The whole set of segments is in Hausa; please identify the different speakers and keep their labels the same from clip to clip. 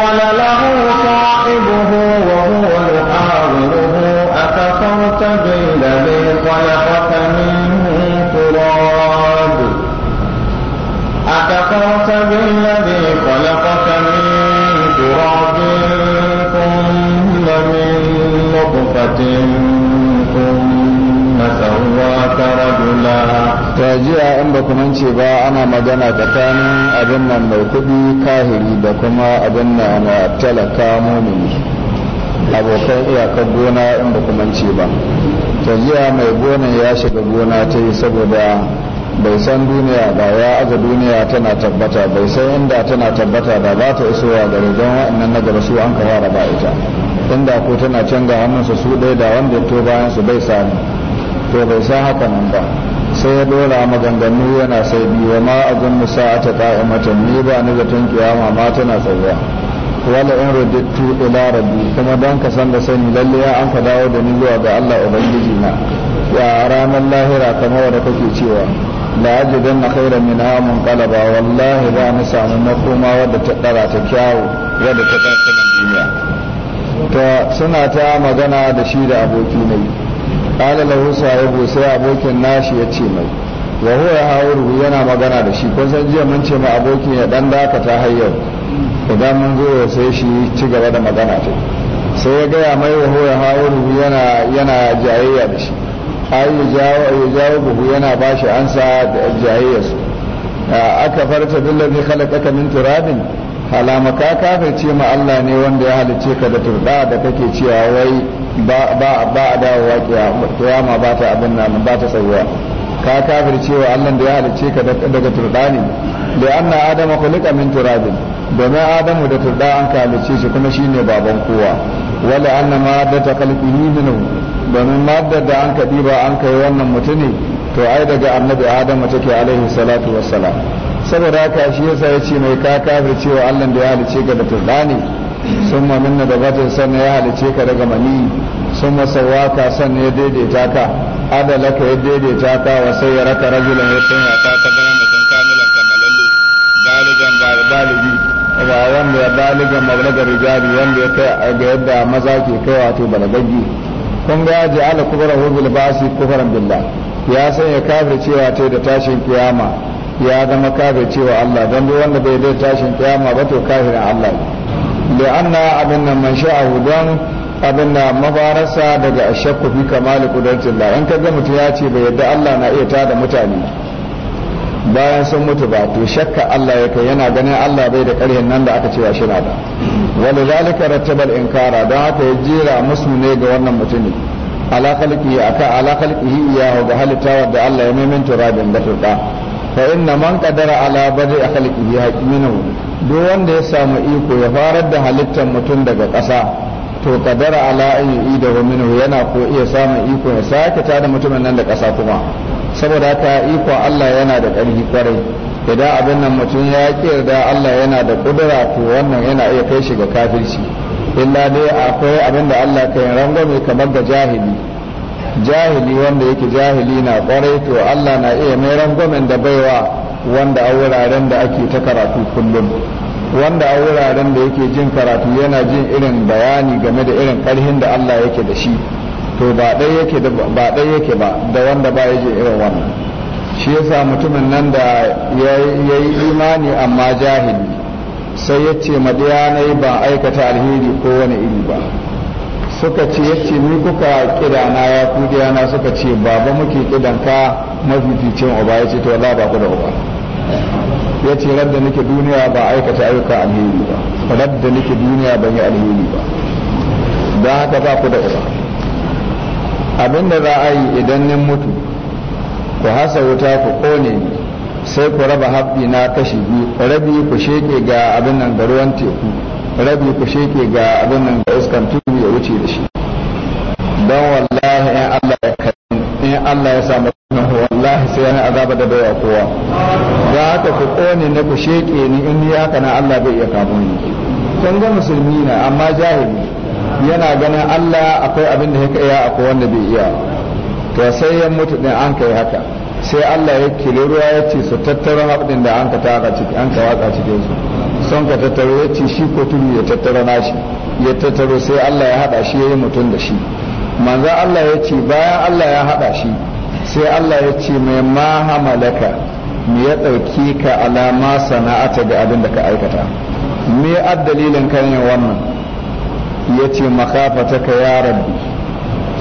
Speaker 1: قال له صاحبه وهو يحاوره أكفرت بالذي خلقك
Speaker 2: ta jiya in ba kuma ce ba ana magana tsakanin abin nan mai kuɗi kahiri da kuma abin da na talaka mumini abokan iyakar gona in ba kuma ce ba to jiya mai gona ya shiga gona ta yi saboda bai san duniya ba ya aza duniya tana tabbata bai san inda tana tabbata ba za ta isowa gare don waɗannan na garasu su an ba ita inda ko tana canza hannunsa su ɗaya da wanda ya to bayan su bai sani to bai san haka nan ba sai ya dora maganganu yana sai biyu ma a a ta qa'imatan ni ba ni zaton kiyama ma tana tsayuwa wala in rudittu ila rabbi kuma don ka san da sani lalle ya an ka dawo da ni zuwa ga Allah ubangiji na ya ranar lahira kamar da kake cewa la ajidan na khaira min amun qalaba wallahi ba ni samu makoma wadda ta dara ta kyawu wadda ta dara duniya ta suna ta magana da shi da aboki ne qala lahu sahibu sai abokin nashi ya ce mai wa huwa yana magana da shi kun san jiya mun ce ma abokin ya dan dakata har yau idan mun zo sai shi ci gaba da magana ta sai ya gaya mai wa huwa yahawuru yana yana jayayya da shi ai ya jawo ya jawo buhu yana bashi ansa da jayayya su aka farta billahi khalaqaka min turabin halamaka kafir ce ma Allah ne wanda ya halicce ka da turda da kake cewa wai ba ba a dawowa kiyama ba ta abin nan ba ta tsawuwa ka kafir cewa Allah da ya halicce ka daga turdani da anna adama khuliqa min turabin domin adamu da turda an kalice shi kuma shine baban kowa wala anna maddata khalqihi minhu domin maddar da an kadi ba an kai wannan mutune to ai daga annabi adamu take alaihi salatu wassalam saboda haka shi yasa yace mai ka kafir cewa Allah da ya halicce ka da turdani sun mamin da dabatin sanya ya halice ka daga mani sun ma ka sannan ya daidaita ka adala ka ya daidaita ka wa sai ya raka rajulan ya sun ya ta
Speaker 3: gama mutum kamilan
Speaker 2: kamalallu baligan baligi ba wanda ya baligan mablagar rijali wanda ya kai ga yadda maza ke kai wato balagaggi kun ga ji ala kubra hubil basi kufran billah ya sanya kafir cewa ta da tashin kiyama ya zama kafir cewa Allah don duk wanda bai da tashin kiyama ba to kafirin Allah ne da anna abin nan man sha'ahu don abin da mafararsa daga ashakku fi kamali kudancin la in kaga mutum ya ce bai yadda Allah na iya tada mutane bayan sun mutu ba to shakka Allah ya kai yana ganin Allah bai da ƙarhin nan da aka ce shi na da wani zalika rattabal inkara don haka ya jera musu ne ga wannan mutumi ala khalqihi aka ala khalqihi ya ga halitta da Allah ya maimaita rabin da turda fa inna man qadara ala bada khalqi ya duk wanda ya samu iko ya farar da halittar mutum daga ƙasa to qadara ala an yu'ida wa yana ko iya samun iko ya sake tada mutumin nan da ƙasa kuma saboda haka iko Allah yana da ƙarfi kwarai idan abin nan mutum ya yarda Allah yana da kudura to wannan yana iya kai shi ga kafirci illa dai akwai abinda da Allah yin rangwame kamar ga jahili jahili wanda yake jahili na kwarai to Allah na iya mai rangwamen da baiwa wanda a wuraren da ake ta karatu kullum wanda a wuraren da yake jin karatu yana jin irin bayani game da irin karhin da Allah yake da shi to ba ɗai yake ba da wanda ba ya jin irin wannan shi yasa mutumin nan da ya yi imani amma jahili sai ya ce madiyanai ba aikata alheri ko wani iri ba suka ce yace ni kuka kidana ya ku na suka ce baba muke kidan ka mafificin uba yace to wallahi ba ku da uba yace radda nake duniya ba aikata ayyuka alheri ba radda nake duniya ban yi alheri ba don haka ba ku da uba abin da za a yi idan nin mutu ku hasa wuta ku kone ni sai ku raba haɓɓi na kashi biyu rabi ku sheke ga abin nan ga ruwan teku rabi ku sheke ga abin nan ga iskan ya wuce da shi don wallahi in Allah ya karin in Allah ya samu wannan wallahi sai yana azaba da baiwa kowa za ka ku kone na ku sheke ni in ni haka na Allah bai iya kamo ni kun ga musulmi na amma jahili yana ganin Allah akwai abin da yake iya akwai wanda bai iya to sai ya mutu din an kai haka sai Allah ya kire ruwa ya ce su tattara abin da an ka taka ciki an ka waka cikin su son ka tattaro ya ce shi ko tudu ya tattara nashi ya tattaro sai Allah ya hada shi ya yi mutum da shi manzan Allah ya ce bayan Allah ya hada shi sai Allah ya ce mai ma hamalaka me ya ɗauki ka alama sana'ata ga abin da ka aikata me ad dalilin kan yin wannan ya ce makafata ka ya rabbi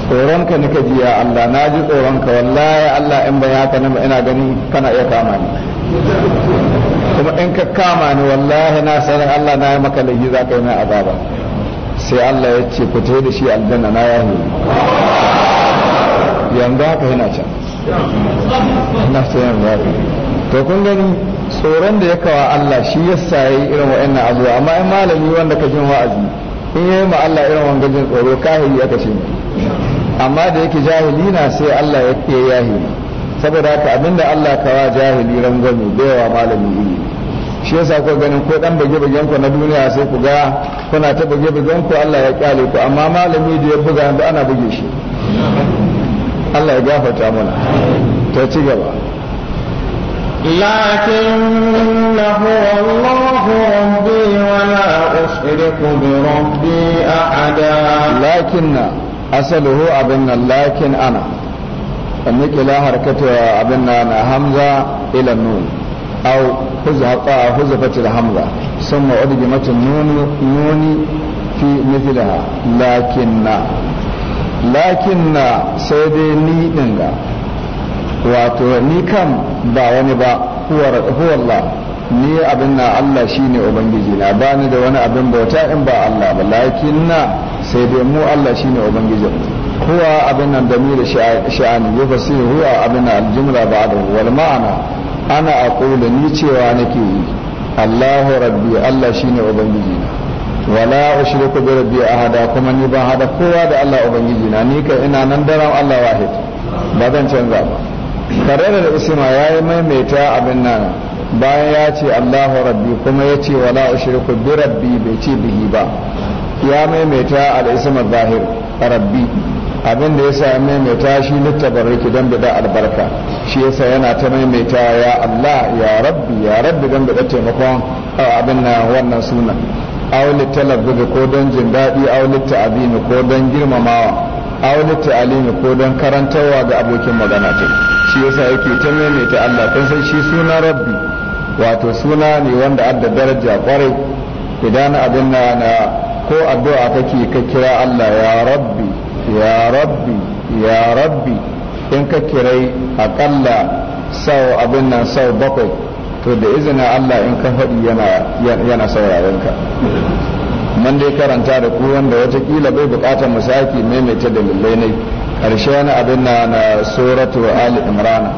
Speaker 2: tsoronka nika ji ya Allah na ji tsoronka wallahi Allah in baya haka ina ganin kana iya kama ni kuma in ka kama ni wallahi na sanin Allah na yi maka laifi za ka yi mai azaba sai Allah ya ce ku da shi aljanna na yahu yanzu haka yana can na sai yanzu haka to kun gani tsoron da ya kawa Allah shi ya sayi irin wa'annan abuwa amma in malami wanda ka jin wa'azi in yi ma Allah irin wangajin tsoro kahiri aka ne. amma da yake jahili na sai Allah ya ke yahi saboda haka abinda Allah kawa jahili rangwame da yawa malami ilimi shi yasa ku ganin ko dan bage bagen ku na duniya sai ku ga kuna ta bage bagen ku Allah ya kyale ku amma malami da ya buga da ana buge shi Allah ya gafarta mana ta ci gaba لكنه الله ربي ولا أشرك بربي أحدا لكن أصله أبن لكن أنا أنك لا حركة أبن أنا همزة إلى nun. أو حزقاء حزفت الحمزة ثم أدغمت النون نون في مثلها لكن لكن سيدي ني دنغا wato ni kam ba wani ba huwallah ni abin na Allah shine ubangiji na ba ni da wani abin bauta in ba Allah ba lakin na sai dai mu Allah shine ubangijin huwa abin nan da mi da sha'ani yau ba sai huwa abin na aljumla ba da wal ma'ana ana a aqulu ni cewa nake yi Allahu rabbi Allah shine ubangiji na wala ku bi rabbi ahada kuma ni ban hada kowa da Allah ubangiji na ni kai ina nan daram Allah wahid ba zan canza ba tare da isma yayi maimaita abin nan bayan ya ce Allahu rabbi kuma ya ce wala ku bi rabbi bai ce bihi ba ya maimaita al-isma zahir rabbi abin da yasa ya maimaita shi littabarriki don bida albarka shi yasa yana ta maimaita ya Allah ya rabbi ya rabbi don bida taimakon abin na wannan sunan auli talabbi ko don jin daɗi auli ta'abini ko don girmamawa auli ta'alimi ko don karantarwa ga abokin magana ta shi yasa yake ta maimaita Allah kun san shi suna rabbi wato suna ne wanda adda daraja kwarai idan abin na ko addu'a kake ka kira Allah ya rabbi ya rabbi in ka kirai akalla sau abin nan sau bakwai to da izinin Allah in ka faɗi yana sauraron ka man dai karanta da ku wanda watakila bai bukatar musaki maimaita dalilai ne ƙarshe wani abin na na suratu ali imrana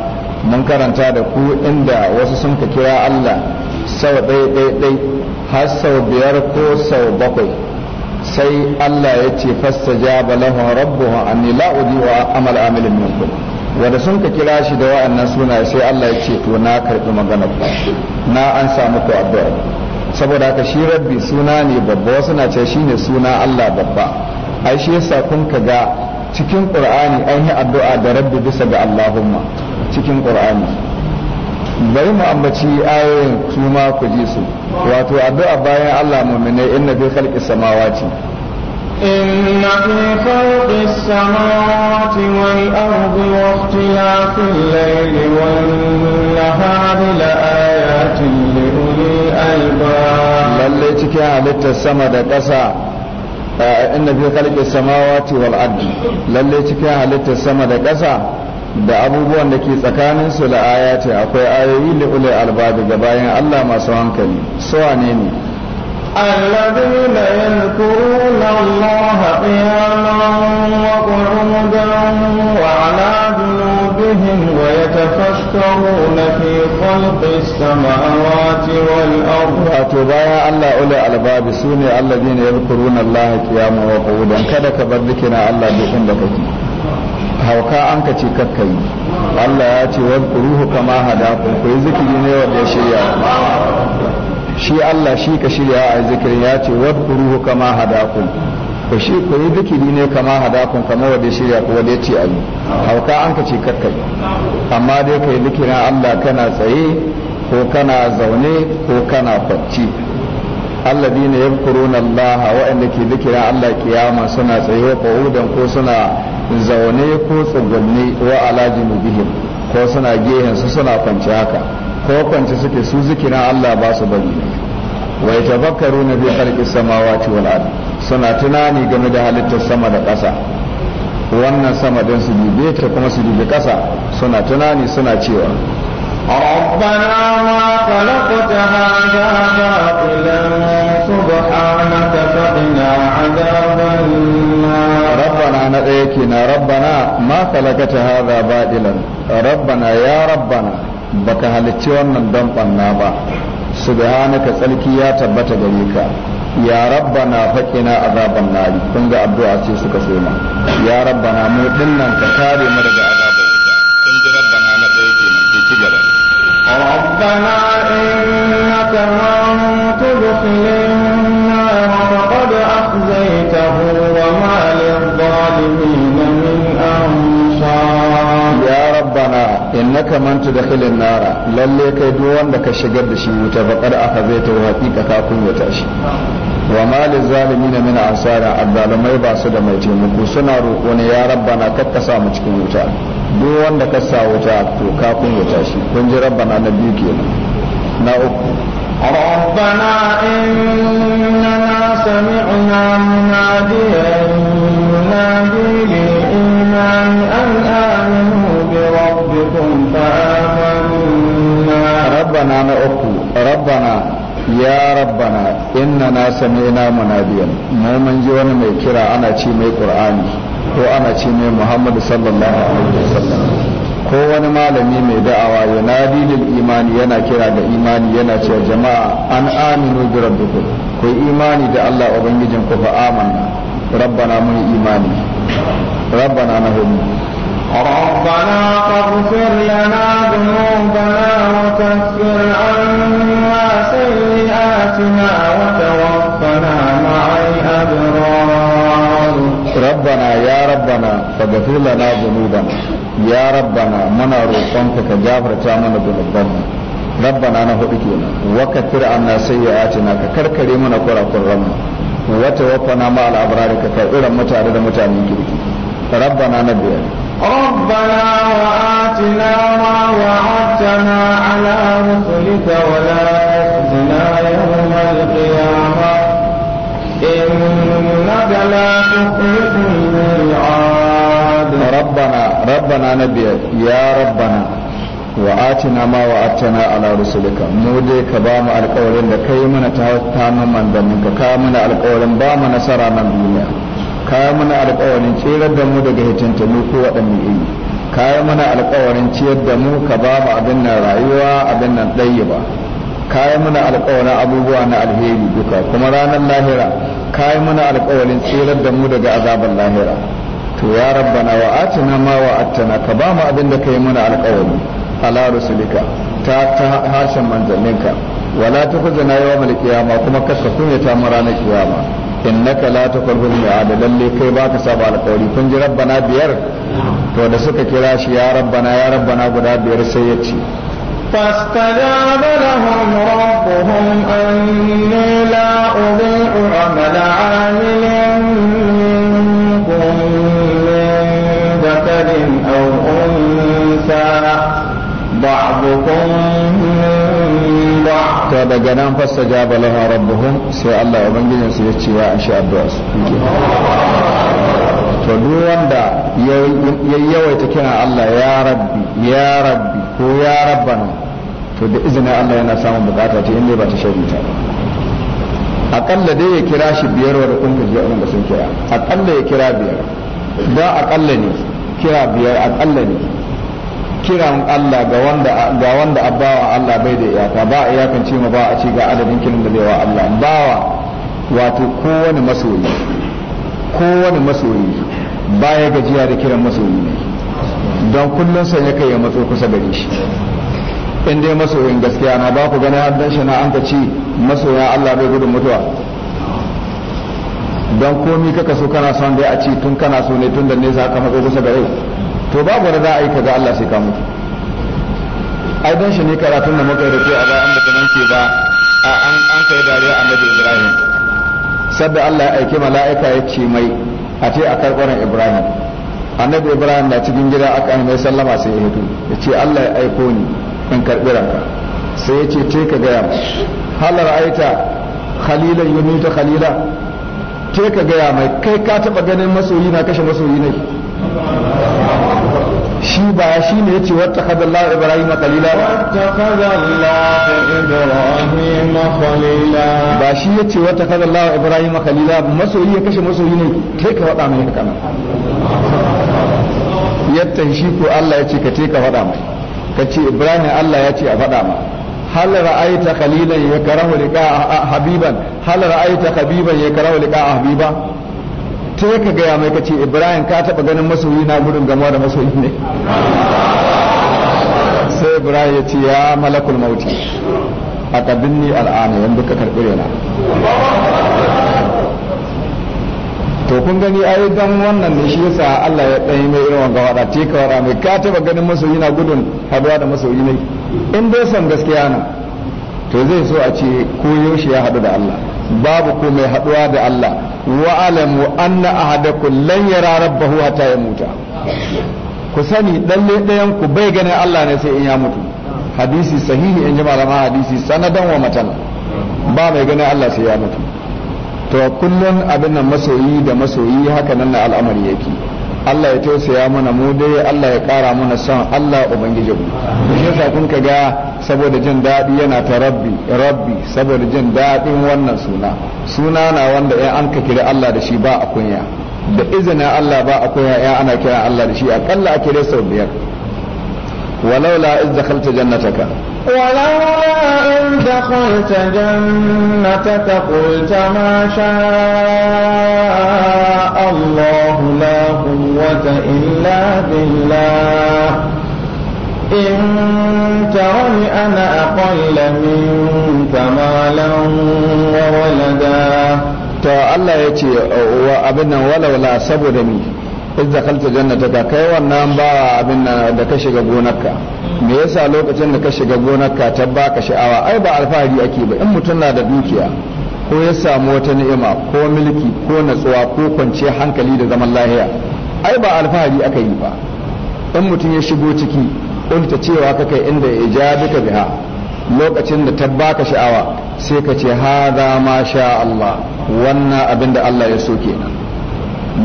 Speaker 2: mun karanta da ku inda wasu sun ka kira Allah sau ɗai ɗai har sau biyar ko sau bakwai sai Allah ya ce fastajaba lahu rabbuhu nila la wa amal amilin minkum wanda sun ka kira shi da wa'annan suna sai Allah ya ce to na karɓi maganar ku na an samu ku addu'a saboda haka shi rabbi suna ne babba wasu na ce shine suna Allah babba ai shi yasa kun ka ga cikin qur'ani an yi addu'a da rabbi bisa ga Allahumma cikin qur'ani bari mu ambaci ayoyin su ma ku ji su wato addu'a bayan Allah mu'minai inna fi khalqi samawati
Speaker 1: inna fi khalqi samawati wal ardi wa ikhtilafi al-layli wan nahari la ayatin li ulil
Speaker 2: albab lalle cikin halittar sama da ƙasa inna fi khalqi samawati wal ardi lalle cikin halittar sama da ƙasa da abubuwan da ke tsakanin su da ayati akwai ayoyi li ulil albab ga bayan Allah masu hankali su wane ne الذين
Speaker 1: يذكرون الله قياما وقعودا وعلى جنوبهم
Speaker 2: ويتفكرون في خلق السماوات والأرض وتبايا الله أولي الباب سوني الذين يذكرون الله قياما وقعودا كذا كبر ذكر الله بكم بكم hauka an ka ce kakkai Allah ya ce wa ruhu kama hada ku yi zikiri ne wanda ya shirya shi Allah shi ka shirya a zikirin ya ce wa ruhu kama hada ku ku shi ku yi zikiri ne kama hada ku kama wanda ya shirya ku wanda ya ce ayi hauka an ka ce kakkai amma dai kai zikirin Allah kana tsaye ko kana zaune ko kana Allah alladina yadhkuruna Allah wa'anda ke zikirin Allah kiyama suna tsaye wa qu'udan ko suna zaune ko tsugunne wa mu bihim ko suna gehen su suna kwance haka ko kwance suke su zikina Allah ba su bari wa yatafakkaruna fi khalqis samawati wal ard suna tunani game da halittar sama da ƙasa wannan sama don su dube ta kuma su dube ƙasa suna tunani suna cewa ربنا ما خلقت هذا باطلا na ɗaya na rabbana ma khalaqata hadha batilan rabbana ya rabbana baka halicci wannan don banna ba su ka tsarki ya tabbata gare ka ya rabbana faqina azaban nari kun ga addu'a ce suka soma ya rabbana mu dinnan ka kare mu daga azaban wuta kun ji rabbana na ɗaya ke ki gaba rabbana innaka innaka man tudkhilin nara lalle kai duk wanda ka shigar da shi wuta faqad akhadhaita wa haqiqa ka kunyata shi wa ma lizalimin min asara azzalumai ba su da mai taimako suna roƙo ne ya rabbana kar ka sa mu cikin wuta duk wanda ka sa wuta to ka kunyata shi kun ji rabbana na biyu kenan na uku ربنا إننا سمعنا مناديا
Speaker 1: ينادي للإيمان أن
Speaker 2: ربنا na uku rabbana ya rabbana inna wani mai kira ana ce mai qur'ani ko ana ce ko wani malami mai da'awa yanadi lil imani yana kira da imani yana cewa jama'a an aminu bi rabbikum ku imani da Allah ubangijin ku fa amanna rabbana mun imani rabbana nahum ربنا فاغفر لنا ذنوبنا وكفر
Speaker 1: عنا سيئاتنا وتوفنا مع
Speaker 2: الأبرار ربنا يا ربنا فاغفر لنا ذنوبنا يا ربنا من روحانك كجابر تامن ذنوبنا ربنا نهدي كنا وكفر عنا سيئاتنا ككركري من قرى قرمنا وتوفنا مع الأبرار ككرم الى متعدد متعدد ربنا نبيا
Speaker 1: ربنا وآتنا ما وعدتنا على رسلك ولا تخزنا يوم القيامة إنك لا تخلف الميعاد
Speaker 2: ربنا ربنا نبي يا ربنا وآتنا ما وعدتنا على رسلك مودي كبام القولين لكي من تهوت تاما من ذنبك كامل القولين بام نسرا من دنيا kayan mana alƙawarin tserar da mu daga hitintanu ko waɗanne iri kayan mana alƙawarin ciyar da mu ka ba mu abin nan rayuwa abin nan ɗaya ba kayan mana alƙawarin abubuwa na alheri duka kuma ranar lahira kayan mana alƙawarin tserar da mu daga azabar lahira to ya rabbana wa atina ma wa attana ka ba mu abin da ka yi mana alƙawarin ala rusulika ta ta harshen manzanninka wala ta tukhzina yawmal qiyamah kuma kasa ta mu ranar kiyama innaka la tuqbul mi'ada lalle kai baka saba alƙawari kun ji rabbana biyar to da suka kira shi ya rabbana ya rabbana guda biyar sai ya ce
Speaker 1: فاستجاب لهم ربهم أني لا أضيع عمل عامل منكم من ذكر أو أنثى
Speaker 2: بعضكم to daga nan fasa ja balaha rabbuhum sai Allah ubangijin su ya ce ya shi addu'a su to duk wanda ya yawaita kiran Allah ya rabbi ya rabbi ko ya rabbana to da izinin Allah yana samun bukata ta inda ba ta shari'a akalla dai ya kira shi biyar wa rukun gajiya da sun kira akalla ya kira biyar don akalla ne kira biyar akalla ne kiran Allah ga wanda ga wanda abbawa Allah bai da iyaka ba a iyakan ma ba a ce ga adadin kiran da bai wa Allah bawa wato kowane masoyi kowane masoyi baya gajiya da kiran masoyi ne don kullun sa ya kai ya matso kusa da shi in dai masoyin gaskiya na ba ku gani dan shi na an ka ci masoya Allah bai gudun mutuwa don komi kaka so kana son dai a ci tun kana so ne tun da nesa ka matso kusa da gare to babu wani za a yi ka ga Allah sai ka mutu ai dan shi ne karatun da muka yi a bayan da nan ce ba a an kai dariya annabi Ibrahim sadda Allah ya aiki mala'ika ya ce mai a ce a karbaran Ibrahim annabi Ibrahim na cikin gida aka mai sallama sai ya hito ya ce Allah ya aiko ni in karɓi ranka sai ya ce ce ka gaya halar aita khalilan yunita khalila ke ka gaya mai kai ka taɓa ganin masoyi na kashe masoyi ne shi ba shi ne yace kada Allah Ibrahim qalila ba kada Allah Ibrahim qalila ba shi yace kada Allah Ibrahim qalila masoyi ya kashe masoyi ne kai ka faɗa mai kana yatta shi ko Allah yace ka te ka faɗa mai kace Ibrahim Allah yace a faɗa mai hal ra'aita khalilan yakrahu liqa habiban hal ra'aita habiban yakrahu liqa habiba sai ka gaya mai kace ibrahim ka taɓa ganin masoyi na gudun gama da masoyi ne sai ibrahim ya ce ya malakul mauti a ni al'ana yanzu ka karɓi rena to kun gani ai dan wannan ne shi yasa Allah ya ɗanyi mai irin wanga wada ce ka wada mai ka taɓa ganin masoyi na gudun haduwa da masoyi ne in dai son gaskiya na to zai so a ce ko yaushe ya haɗu da Allah babu ko mai haɗuwa da Allah wa alamu anna ahadakum lan yara rabbahu hatta ya muta ku sani ne ɗayan ku bai ganin Allah ne sai in ya mutu hadisi sahihi in jama'a ma hadisi sanadan wa matan ba mai ganin Allah sai ya mutu to kullun abin nan masoyi da masoyi haka nan al'amari yake Allah ya tausaya mana mu dai Allah ya kara mana son Allah ubangiji mu shi yasa kun ga saboda jin daɗi yana ta rabbi rabbi saboda jin daɗin wannan suna suna na wanda ya an ka kira Allah da shi ba a kunya da izinin Allah ba a kunya ya ana kira Allah da shi akalla a kira sau biyar walaula iz dakhalta jannataka
Speaker 1: ولولا إن da جنتك jannataka ma sha Allah. قوة إلا بالله إن ترني أنا أقل منك مالا
Speaker 2: وولدا to Allah ya ce wa abin nan walawala saboda ni in zakalta jannata kai wannan ba abin nan da ka shiga gonarka me yasa lokacin da ka shiga gonarka ta baka sha'awa ai ba alfahari ake ba in mutum na da dukiya ko ya samu wata ni'ima ko milki ko natsuwa ko kwanciyar hankali da zaman lahiya ai ba alfahari aka yi ba in mutum ya shigo ciki ta cewa ka kai inda ya ja duka biha lokacin da ta baka sha'awa sai ka ce haza ma sha Allah wannan abin da Allah ya so kenan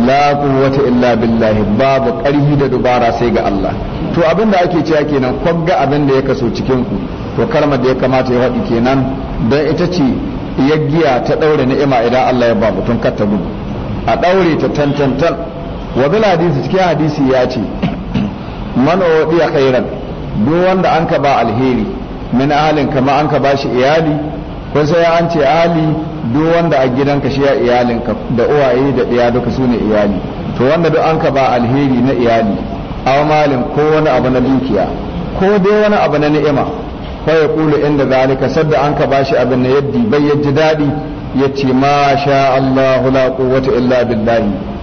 Speaker 2: la quwwata illa billahi babu ƙarfi da dubara sai ga Allah to abin da ake cewa kenan kogga abin da ya kaso cikin ku to karma da ya kamata ya faɗi kenan don ita ce yaggiya ta ɗaure ni'ima idan Allah ya ba mutum kar ta gudu a ɗaure ta tantantan wa bil hadisi cikin hadisi ya ce man a khairan duk wanda an ka ba alheri min alin kama an ka ba shi iyali ko sai an ce ali duk wanda a gidanka shi ya ka da uwaye da ɗaya duka su ne iyali to wanda duk an ka ba alheri na iyali aw malin ko wani abu na dukiya ko dai wani abu na ni'ima ko ya kula inda zalika sadda an ka ba shi abin na yaddi bai ya ji daɗi ya ce ma sha Allahu la quwwata illa billahi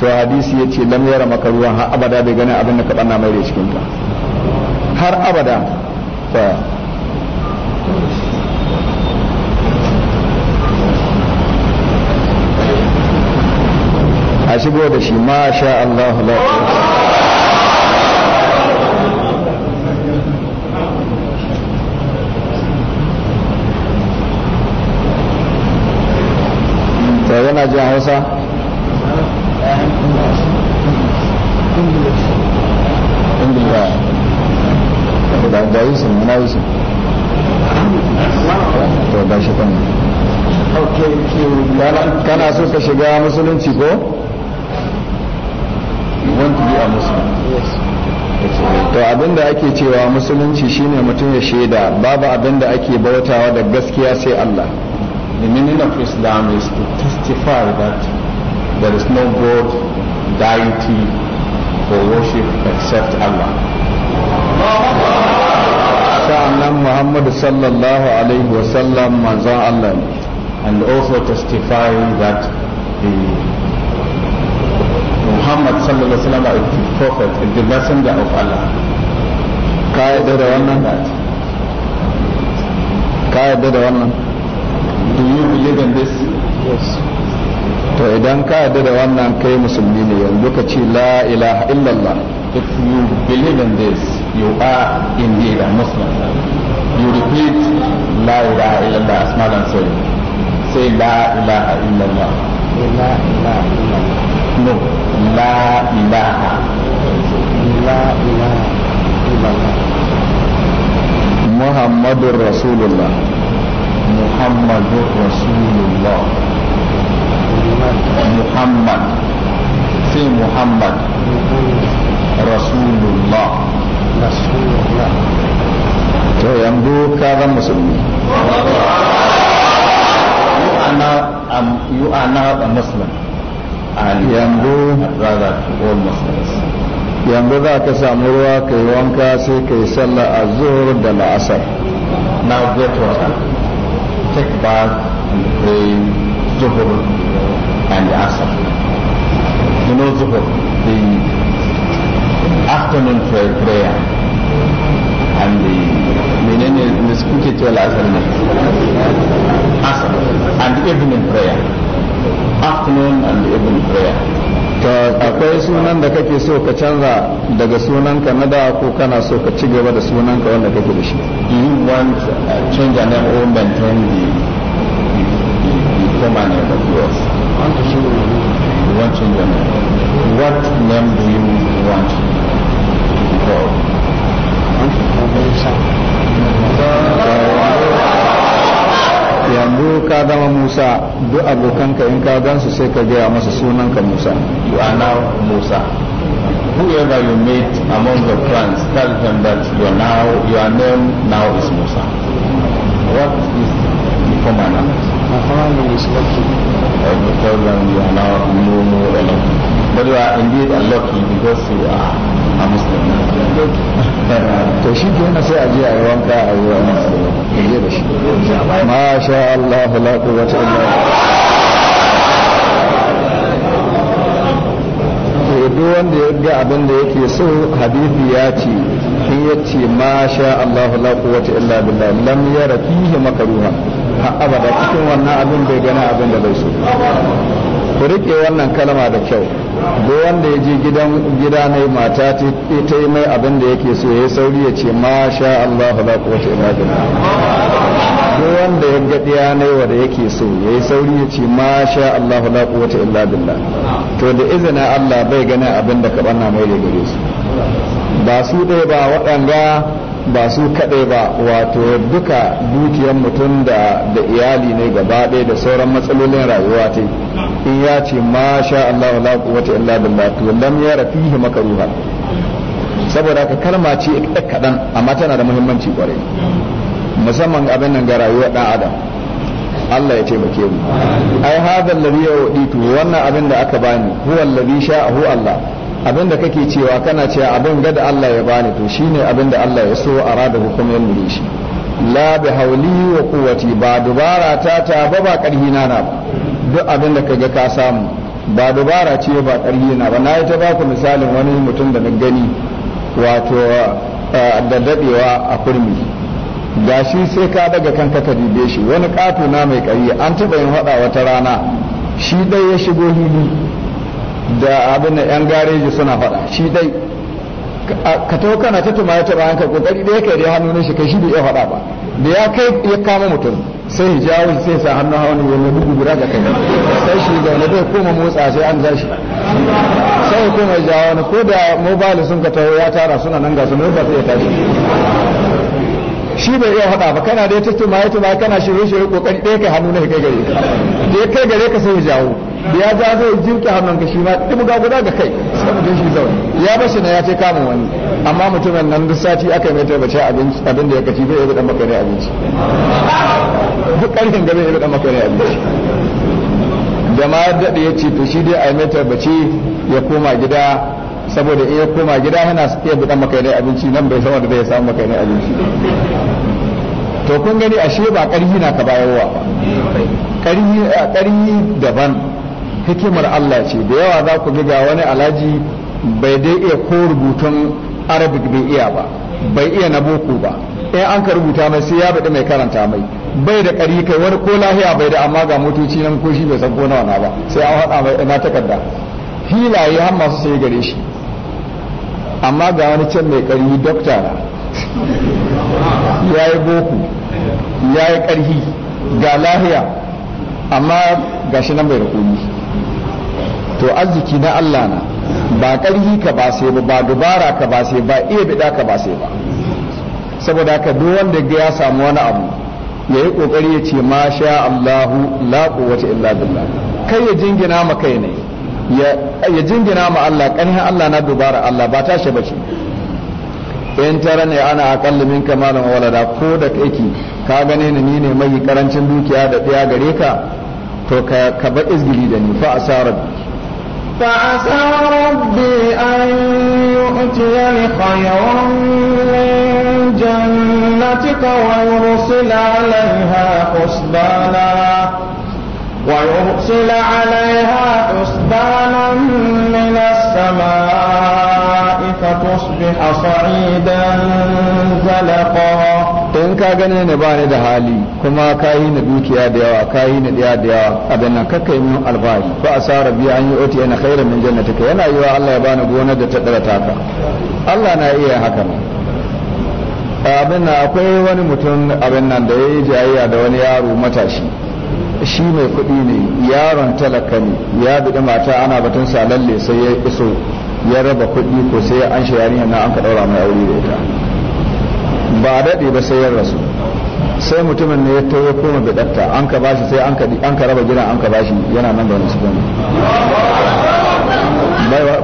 Speaker 2: to hadisi ya ce lam yara maka ruwan har abada bai gani abin da ka banna mai da cikin ka har abada ta a shigo da shi ma sha Allah yana jin hausa ga yi sun na yi sun to shi kan kana so ka shiga musulunci ko you want to be a muslim yes to abinda ake cewa musulunci shine mutum ya shaida babu abinda ake bautawa da gaskiya sai Allah the meaning of Islam is to testify that there is no god deity for worship except Allah sa'an nan muhammadu sallallahu alaihi wasallam manzon allah and also testifying that the muhammad sallallahu alaihi wasallam is the prophet is the messenger of allah ka yarda da wannan ka yarda da wannan do you believe in this yes to idan ka yarda da wannan kai musulmi ne yanzu ka ce la ilaha illallah if you believe in this you are indeed a Muslim. You repeat La ilaha illallah as Madam said. Say La ilaha illallah. La ilaha illallah.
Speaker 1: No. La ilaha. La ilaha illallah. Muhammadur Rasulullah. Muhammadur Rasulullah. Muhammad.
Speaker 2: Say Muhammad. Rasulullah. to yanzu ka zan musulmi you are now a muslim yanzu yanzu za ka samu ruwa ka yi wanka sai ka yi sallah a zuhur da la'asar now get water take bath and pray zuhur and asar you know zuhur the afternoon for prayer and the menene ne kuke cewa asar ne asar and evening prayer afternoon and evening prayer ka akwai sunan da kake so ka canza daga sunan ka na da ko kana so ka ci gaba da sunan ka wanda kake da shi you want to uh, change an name or maintain the the former name of yours you want change your
Speaker 1: name what name do you want musa
Speaker 2: masa musa you are now musa whoever you meet among your friends tell them that your now your name now is musa what is the commandment? مقام But you are indeed because you are a Muslim. to shi ke sai a a yi wanka a yi wani da shi. Masha Allah la illa duk wanda ya ga abin da yake so habibi ya ce in ya ce masha Allah lam yara har abada cikin wannan abin bai gani abin da bai so ku rike wannan kalma da kyau duk wanda ya je gidan gida ne mata ta yi mai abin da yake so ya sauri ya ce ma sha Allah la quwwata illa billah duk wanda ya ga diya ne wanda yake so ya yi sauri ya ce ma sha Allah la quwwata illa billah to da izinin Allah bai gani abin da ka banna mai da gare su ba su dai ba waɗanda ba su kaɗai ba wato duka dukiyar mutum da da iyali ne gaba ɗaya da sauran matsalolin rayuwa ta in ya ce ma sha Allah la quwwata illa billah to lam yara fihi makruha saboda ka kalma ce kaɗan amma tana da muhimmanci kwarai musamman abin nan ga rayuwa ɗan adam Allah ya ce muke mu ai hadha alladhi yawditu wannan abin da aka bani huwa alladhi sha'ahu Allah abin da kake cewa kana cewa abin gada Allah ya bani to shine abin da Allah ya so a rada hukumar mu shi la bi hauli wa quwwati ba dubara ta ta ba ba karhi na na duk abin da kaga ka samu ba dubara ce ba karhi na ba na yi ta baku misalin wani mutum da na gani wato da dadewa a kurmi gashi sai ka daga kanka ka dibe shi wani kato na mai kariya an taba yin hada wata rana shi dai ya shigo hili da abin da yan gareji suna faɗa shi dai ka taho kana ta tuma ya taɓa hankali kokari da yake da hannun shi kai shi bai iya faɗa ba da ya kai ya kama mutum sai ya jawo shi sai sa hannun hawan wani bugu guda ga kai sai shi zaune bai koma motsa sai an zashi sai ya koma jawo ko da mobile sun ka taho ya tara suna nan ga su ba zai tashi shi bai iya faɗa ba kana da ya tuma ya tuma kana shirye shirye kokari ɗaya kai hannu shi kai gare ka da ya kai gare ka sai ya jawo da ya ja zai jirke hannun ka shi ma duk ga guda ga kai sai mutum shi zaune ya bashi na ya ce kama wani amma mutumin nan duk sati aka yi mai tabbace abin da ya kaci bai yi dan makare abinci duk karfin gaba ya dan makare abinci da ma daɗe ya ce to shi dai a yi mai bace ya koma gida saboda in ya koma gida yana iya buɗan makainai abinci nan bai san wanda zai samu makainai abinci to kun gani ashe ba ƙarfi na ka bayarwa ba ƙarfi daban hikimar Allah ce da yawa za ku ga wani alhaji bai dai iya ko rubutun arabic bai iya ba bai iya na boko ba in eh, an ka rubuta mai sai ya baɗi mai karanta mai bai da ƙari kai wani ko lahiya bai da amma ga motoci nan ko shi bai san ko nawa ba sai an haɗa mai ina takarda filaye har masu sai gare shi amma ga wani can mai ƙari dokta na ya yi boko ya yi ƙarhi ga lahiya amma gashi nan bai da komi to arziki na Allah na ba ƙarfi ka ba sai ba ba dubara ka ba sai ba iya bida ka ba sai ba saboda ka duk wanda ga ya samu wani abu ya yi ƙoƙari ya ce ma sha Allahu la quwwata illa billah kai ya jingina ma kai ne ya jingina ma Allah ƙarfin Allah na dubara Allah ba ta shi bace in tara ne ana aƙalla min malam walada ko da kake ka gane ni ni ne mai karancin dukiya da ɗaya gare ka to ka ba izgili da ni fa asarar فعسى
Speaker 1: ربي أن يؤتيني خيرا من جنتك ويرسل عليها حسبانا ويرسل عليها حسبانا من السماء فتصبح صعيدا زلقا
Speaker 2: in ka gani ni ba ni da hali kuma ka yi na dukiya da yawa ka yi ni da yawa abin nan kakka yi min ba a sa rabi an yi oti yana khairar min ka yana yiwa Allah ya bani gonar da ta dara taka Allah na iya haka abin nan akwai wani mutum abin nan da yi jayayya da wani yaro matashi shi mai kuɗi ne yaron talaka ne ya bude mata ana batun sa lalle sai ya iso ya raba kuɗi ko sai an shi yarinya na an ka daura mai aure da ita ba a daɗe ba sai ya rasu sai mutumin ne ya ta ya koma bidatta an ka bashi sai an ka raba gidan an ka bashi yana nan da wani cikin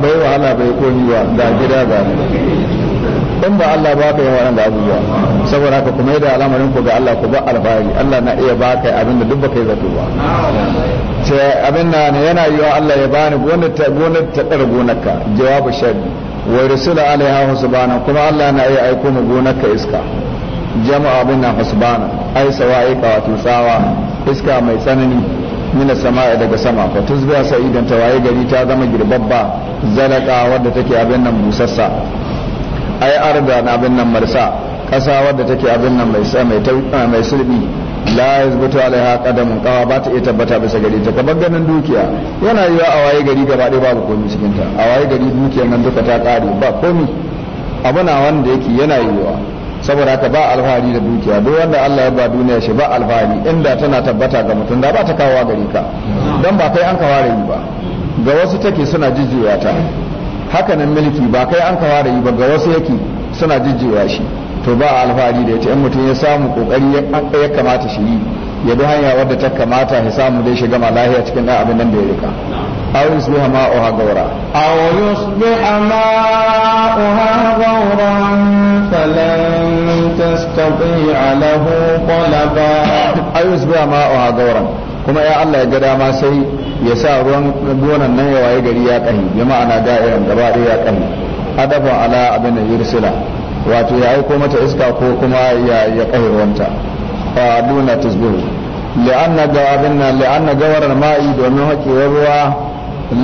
Speaker 2: bai wahala bai komi ba ga gida ga in ba Allah ba ka yi waɗanda abubuwa saboda ka kuma da al'amarin ku ga Allah ku ba alfahari Allah na iya ba ka abin da duk ba kai zato ba ce abin na yana yiwa Allah ya bani gonar ta gonar ta ɗar gonarka jawabu shaɗi wa rusula alaiha husbana kuma Allah na iya aiko mu gonar ka iska jama'a bin na husbana ai ka wato tsawa iska mai tsanani mina sama'a daga sama fa tuzbiya sa'idan waye gari ta zama girbabba zalaka wadda take abin nan busassa ai arda na abin nan marsa ƙasa wadda take abin nan mai mai sulbi la yazbutu alaiha qadamun qawa ba ta iya tabbata bisa gari ta kamar ganin dukiya yana yiwa a waye gari gaba ɗaya babu komai cikin ta a waye gari dukiyar nan duka ta kare ba komai abu na wanda yake yana wa saboda haka ba alfahari da dukiya duk wanda Allah ya ba duniya shi ba alfahari inda tana tabbata ga mutum da ba ta kawo gari ka dan ba kai an kawara yi ba ga wasu take suna jijjiwa ta hakanan mulki ba kai an kawara yi ba ga wasu yake suna jijjiwa shi to ba alfahari da yace in mutum ya samu kokari ya kamata shi yi ya bi hanya wadda ta kamata ya samu dai shiga ma lahiya cikin ɗan abin nan da ya rika aw yusbiha ma'uha gawra
Speaker 1: aw yusbiha ma'uha gawran falan
Speaker 2: tastati'a lahu talaba aw yusbiha ma'uha gawran kuma ya Allah ya ga dama sai ya sa ruwan gonan nan ya waye gari ya kahi ya ma'ana da'iran gaba ɗaya ya kahi adafa ala abin da yursila wato ya aiko mata iska ko kuma ya ya kahirwanta fa duna tasbihu abin na li'anna gawar ma'i domin hakewar ruwa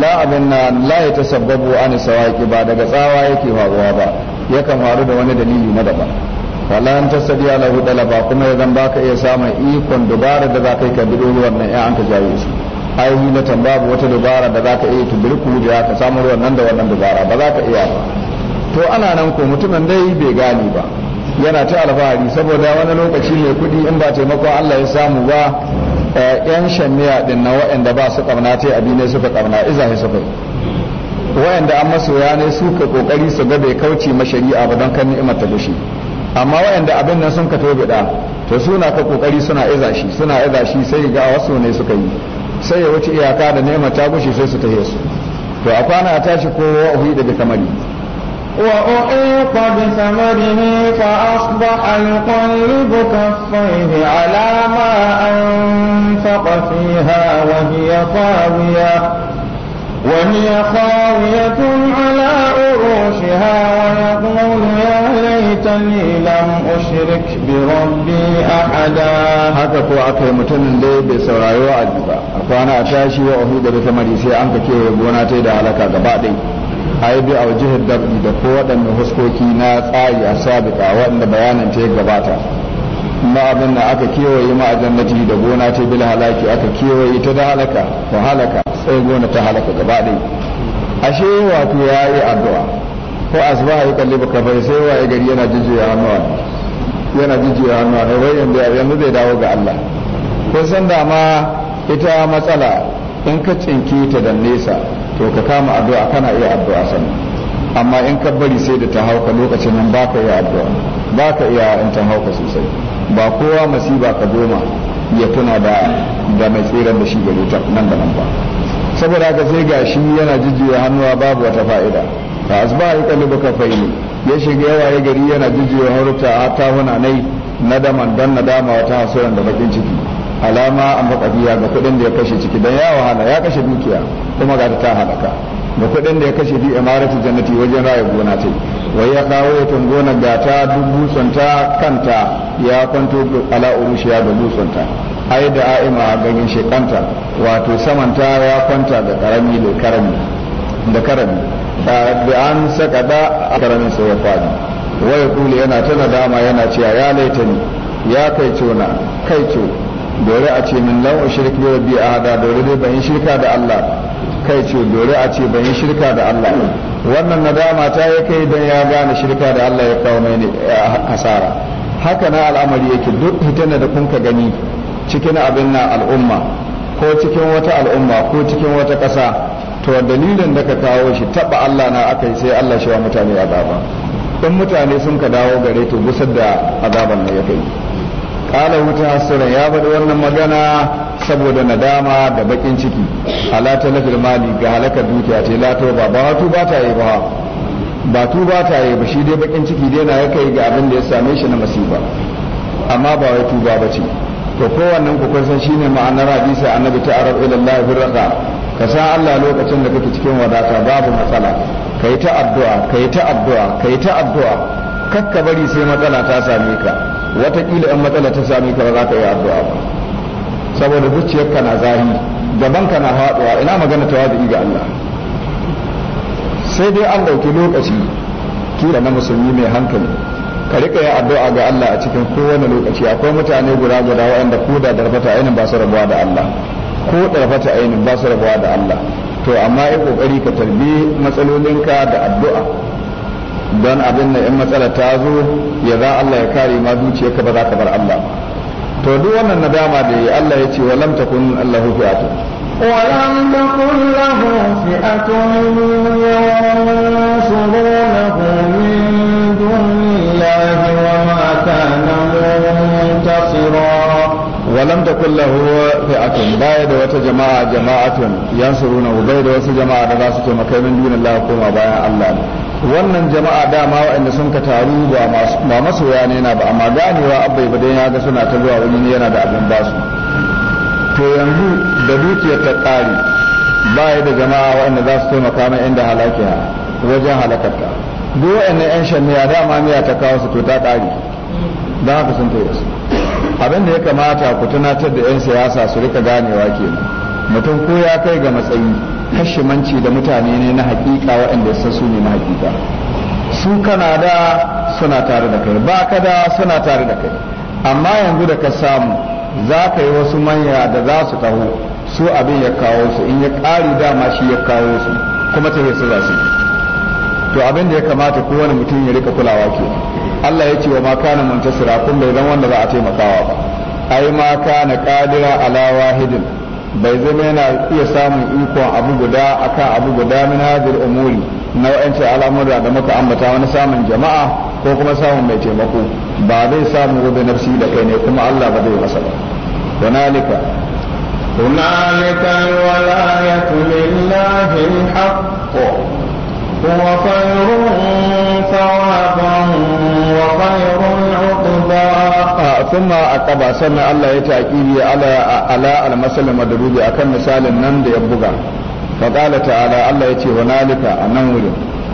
Speaker 2: la abin na la ya tasabbabu an sawaki ba daga tsawa yake faruwa ba yakan faru da wani dalili na daban falan tasadi ala hudala ba kuma ya zan baka iya samun ikon dubara da za ka yi ka bi ruwan nan ya an ka jayi su na tambaya babu wata dubara da zaka iya ku da ka samu wannan da wannan dubara ba za iya ba to ana nan ko mutumin dai bai gane ba yana ta alfahari saboda wani lokaci mai kuɗi in ba taimako Allah ya samu ba yan eh, shanniya din na waɗanda ba su karna ta abi ne suka karna iza su bai waɗanda an masoya ne suka kokari su ga bai kauce ma shari'a ba don kan ni'imar ta gushi amma wayanda abin nan sun kato tobe to suna ka kokari suna iza shi suna iza shi sai ga wasu ne suka yi sai ya wuce iyaka da neman ta gushe sai su tahe su to a kwana a tashi kowa uhi da bi kamari
Speaker 1: وأحيط بثمره فأصبح يقلب كفيه على ما أنفق فيها وهي طاوية وهي خاوية على عروشها ويقول يا ليتني لم
Speaker 2: أشرك بربي أحدا haka ko aka mutumin da bai saurari wa'azi ba a kwana a tashi da ta sai an ka kewaye gona ta da halaka gaba ɗai a yi bi a wajihar dab'i da ko waɗanne huskoki na tsari a sabiƙa waɗanda bayanan ta gabata ma da aka kewaye ma jannati da gona ta bil halaki aka kewaye ta da halaka ta halaka sai gona ta halaka gaba ɗaya ashe wato ya yi addu'a ko asbaha ya kalli baka bai sai waye gari yana jujjuya hannuwa yana jujjuya hannuwa ne wai yanzu yanzu zai dawo ga Allah ko san da ma ita matsala in ka cinke ta da nesa to ka kama addu'a kana iya addu'a sannan amma in ka bari sai da ta hauka lokacin nan baka iya addu'a baka iya in ta hauka sosai ba kowa masiba ka goma ya tuna da da mai tsira da shi gare ta nan da nan ba saboda haka sai ga shi yana jijjiya hannuwa babu wata fa'ida fa asba ya kalli ka faili ya shiga yawa gari yana jijjiya haruta a hunanai nai nadaman dan nadama wata hasuran da bakin ciki alama an baka biya ga kuɗin da ya kashe ciki dan ya wahala ya kashe dukiya kuma ga ta halaka da kuɗin da ya kashe fi imaratu jannati wajen raya gona ce wai ya kawo ya tungona gata duk busanta kanta ya kwanto ala urushiya da busanta ai da a'ima ganin shekanta wato samanta ya kwanta da karami da karami da karami da an saka da a karamin sai ya fadi waya kuli yana ta dama yana cewa ya laita ni ya kai na kai ce dore a ce min lau shirki biyu bi'a hada dore dai ban shirka da Allah kai ce dore a ce ban yi shirka da Allah wannan nadama ta ya kai don ya gane shirka da Allah ya kawo mai hasara haka na al'amari yake duk na da kun ka gani cikin abin na al'umma ko cikin wata al'umma ko cikin wata ƙasa to dalilin da ka kawo shi taba Allah na aka yi sai Allah shi wa mutane azaba in mutane sun ka dawo gare to gusar da azaban ne ya kai qala wuta hasira ya bada wannan magana saboda nadama da bakin ciki ala talafil mali ga halakar dukiya ce la ba ba ta yi ba ba ta yi ba shi dai bakin ciki dai na kai ga abin da ya same shi na masifa amma ba wai ba ce to kowannan ku kun san shine ma'anar hadisi annabi ta arab ila Allah birra ka san Allah lokacin da kake cikin wadata babu matsala kai ta addu'a kai ta addu'a kai ta addu'a kakka bari sai matsala ta same ka wataƙila yan matsala ta sami ka za ka yi addu'a ba saboda zuciyarka na zahi ka na haɗuwa ina magana ta tawadi ga Allah sai dai an ɗauki lokaci kila na musulmi mai hankali ka rika yi addu'a ga Allah a cikin kowane lokaci akwai mutane guda guda waɗanda ko da darbata ainihin ba su rabuwa da Allah ko darbata ainihin ba su rabuwa da Allah to amma yi kokari ka tarbi matsalolinka da addu'a don abin da in matsala ta zo ya za Allah ya kare ma zuciyarka ba za ka bar Allah to duk wannan nadama da yi Allah ya ce walam takun Allahu fi'atu
Speaker 1: walam takun lahu fi'atun yansurunahu min dunillahi wa ma kana
Speaker 2: muntasira walam ta kulla huwa fi'atun baya da wata jama'a jama'atun yansuruna bai da wasu jama'a da za su taimaka min duna Allah koma bayan Allah wannan jama'a dama waɗanda sun ka taru ba ba masoya ne na ba amma ganewa abbai ba dai ga suna ta zuwa wani yana da abin ba su to yanzu da dukiyar ta ƙari baya da jama'a waɗanda za su taimaka min inda halakiya wajen halakarta duk waɗannan 'yan shan miya dama miya ta kawo su to ta ƙari don haka sun taimaka abin da ya kamata ku tunatar da 'yan siyasa su rika ganewa kenan mutum ko ya kai ga matsayi kashimanci da mutane ne na hakika waɗanda ya su ne na hakika su kana da suna tare da kai ba ka da suna tare da kai amma yanzu da ka samu za ka yi wasu manya da za su taho su abin ya kawo su in ya ƙari dama shi ya kawo su kuma ta su za su yi to abin da ya kamata kowane mutum ya rika kulawa ke Allah ya ce wa ma na muntasira kun bai zan wanda za a taimakawa ba ai ma na qadira ala wahidin bai zama yana iya samun ikon abu guda akan abu guda min hadir umuri na wa'ancin al'amura da muka ambata wani samun jama'a ko kuma samun mai taimako ba zai samu gobe nafsi da kai ne kuma Allah ba zai masa ba hunalika
Speaker 1: hunalika lillahi alhaq
Speaker 2: هو خير ثوابا وخير عقبا ثم عقبا سنة الله يتعقيبي على على المثل المدروج أكم مثال النمد يبقى فقال تعالى الله يتي هنالك النمر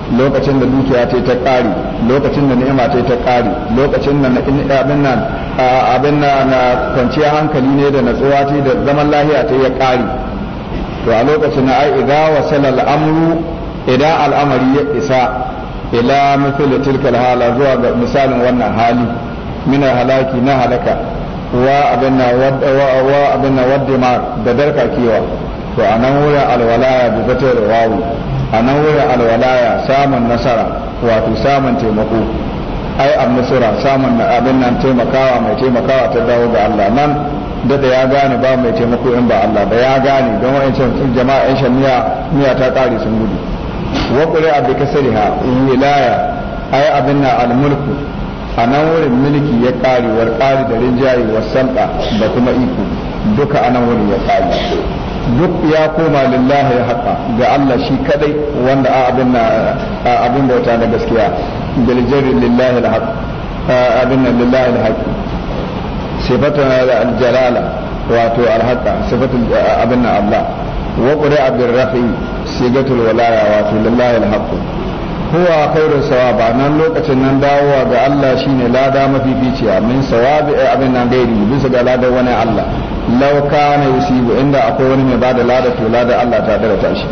Speaker 2: lokacin da dukiya ta ta ƙari lokacin da ni'ima ta ta ƙari lokacin da abin nan abin nan na kwanciya hankali ne da natsuwa ta da zaman lahiya ta ya ƙari to a lokacin na ai idza wasala amru idan al'amari ya isa ila mithli tilkal hala zuwa ga misalin wannan hali min halaki na halaka wa abinna wa abinna wadda ma da kewa to a nan wurin alwalaya bi fatar wawu a nan wurin alwalaya samun nasara wato samun taimako ai annusura samun abin nan taimakawa mai taimakawa ta dawo ga Allah nan dada ya gane ba mai taimako in ba Allah ba ya gane don wa'ancan jama'a 'yan shan miya ta ƙare sun gudu waƙuri بكسرها ولاية أي wilaya الملك abin na al a nan wurin mulki ya أنور war da rinjaye da kuma iko duka a nan wurin ya duk ya koma lillahi haqa ga Allah shi kadai wanda a abin bauta na gaskiya bil jarri abin nan lillahi wato alhaka sifatul eh, abin na Allah wa qura abir rafi sigatul walaya wato lillahi alhaqu huwa khairu sawaba nan lokacin nan dawowa ga Allah shine lada mafi mafificiya min sawabi eh, abin nan gairi bisa ga ladan wani Allah law kana yusibu inda akwai wani mai bada lada to lada Allah ta dara ta shi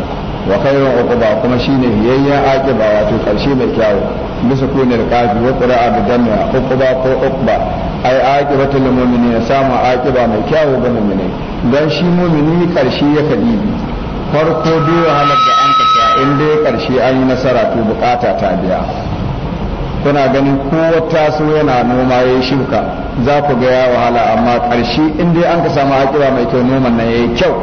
Speaker 2: wa khairun uquba kuma shine ake ba wato karshe mai kyawu bisa kunar kafi wa qura'a bidanna uquba ko uqba ai aqibatul mu'minin samu aqiba mai kyau ga mu'mini dan shi mu'mini karshe ya kadi farko biyu halar da an kasa in dai karshe an yi nasara to bukata ta biya kuna ganin kowa su yana noma ya shuka za ku ga ya wahala amma karshe in dai an ka samu aqiba mai kyau noman nan yayi kyau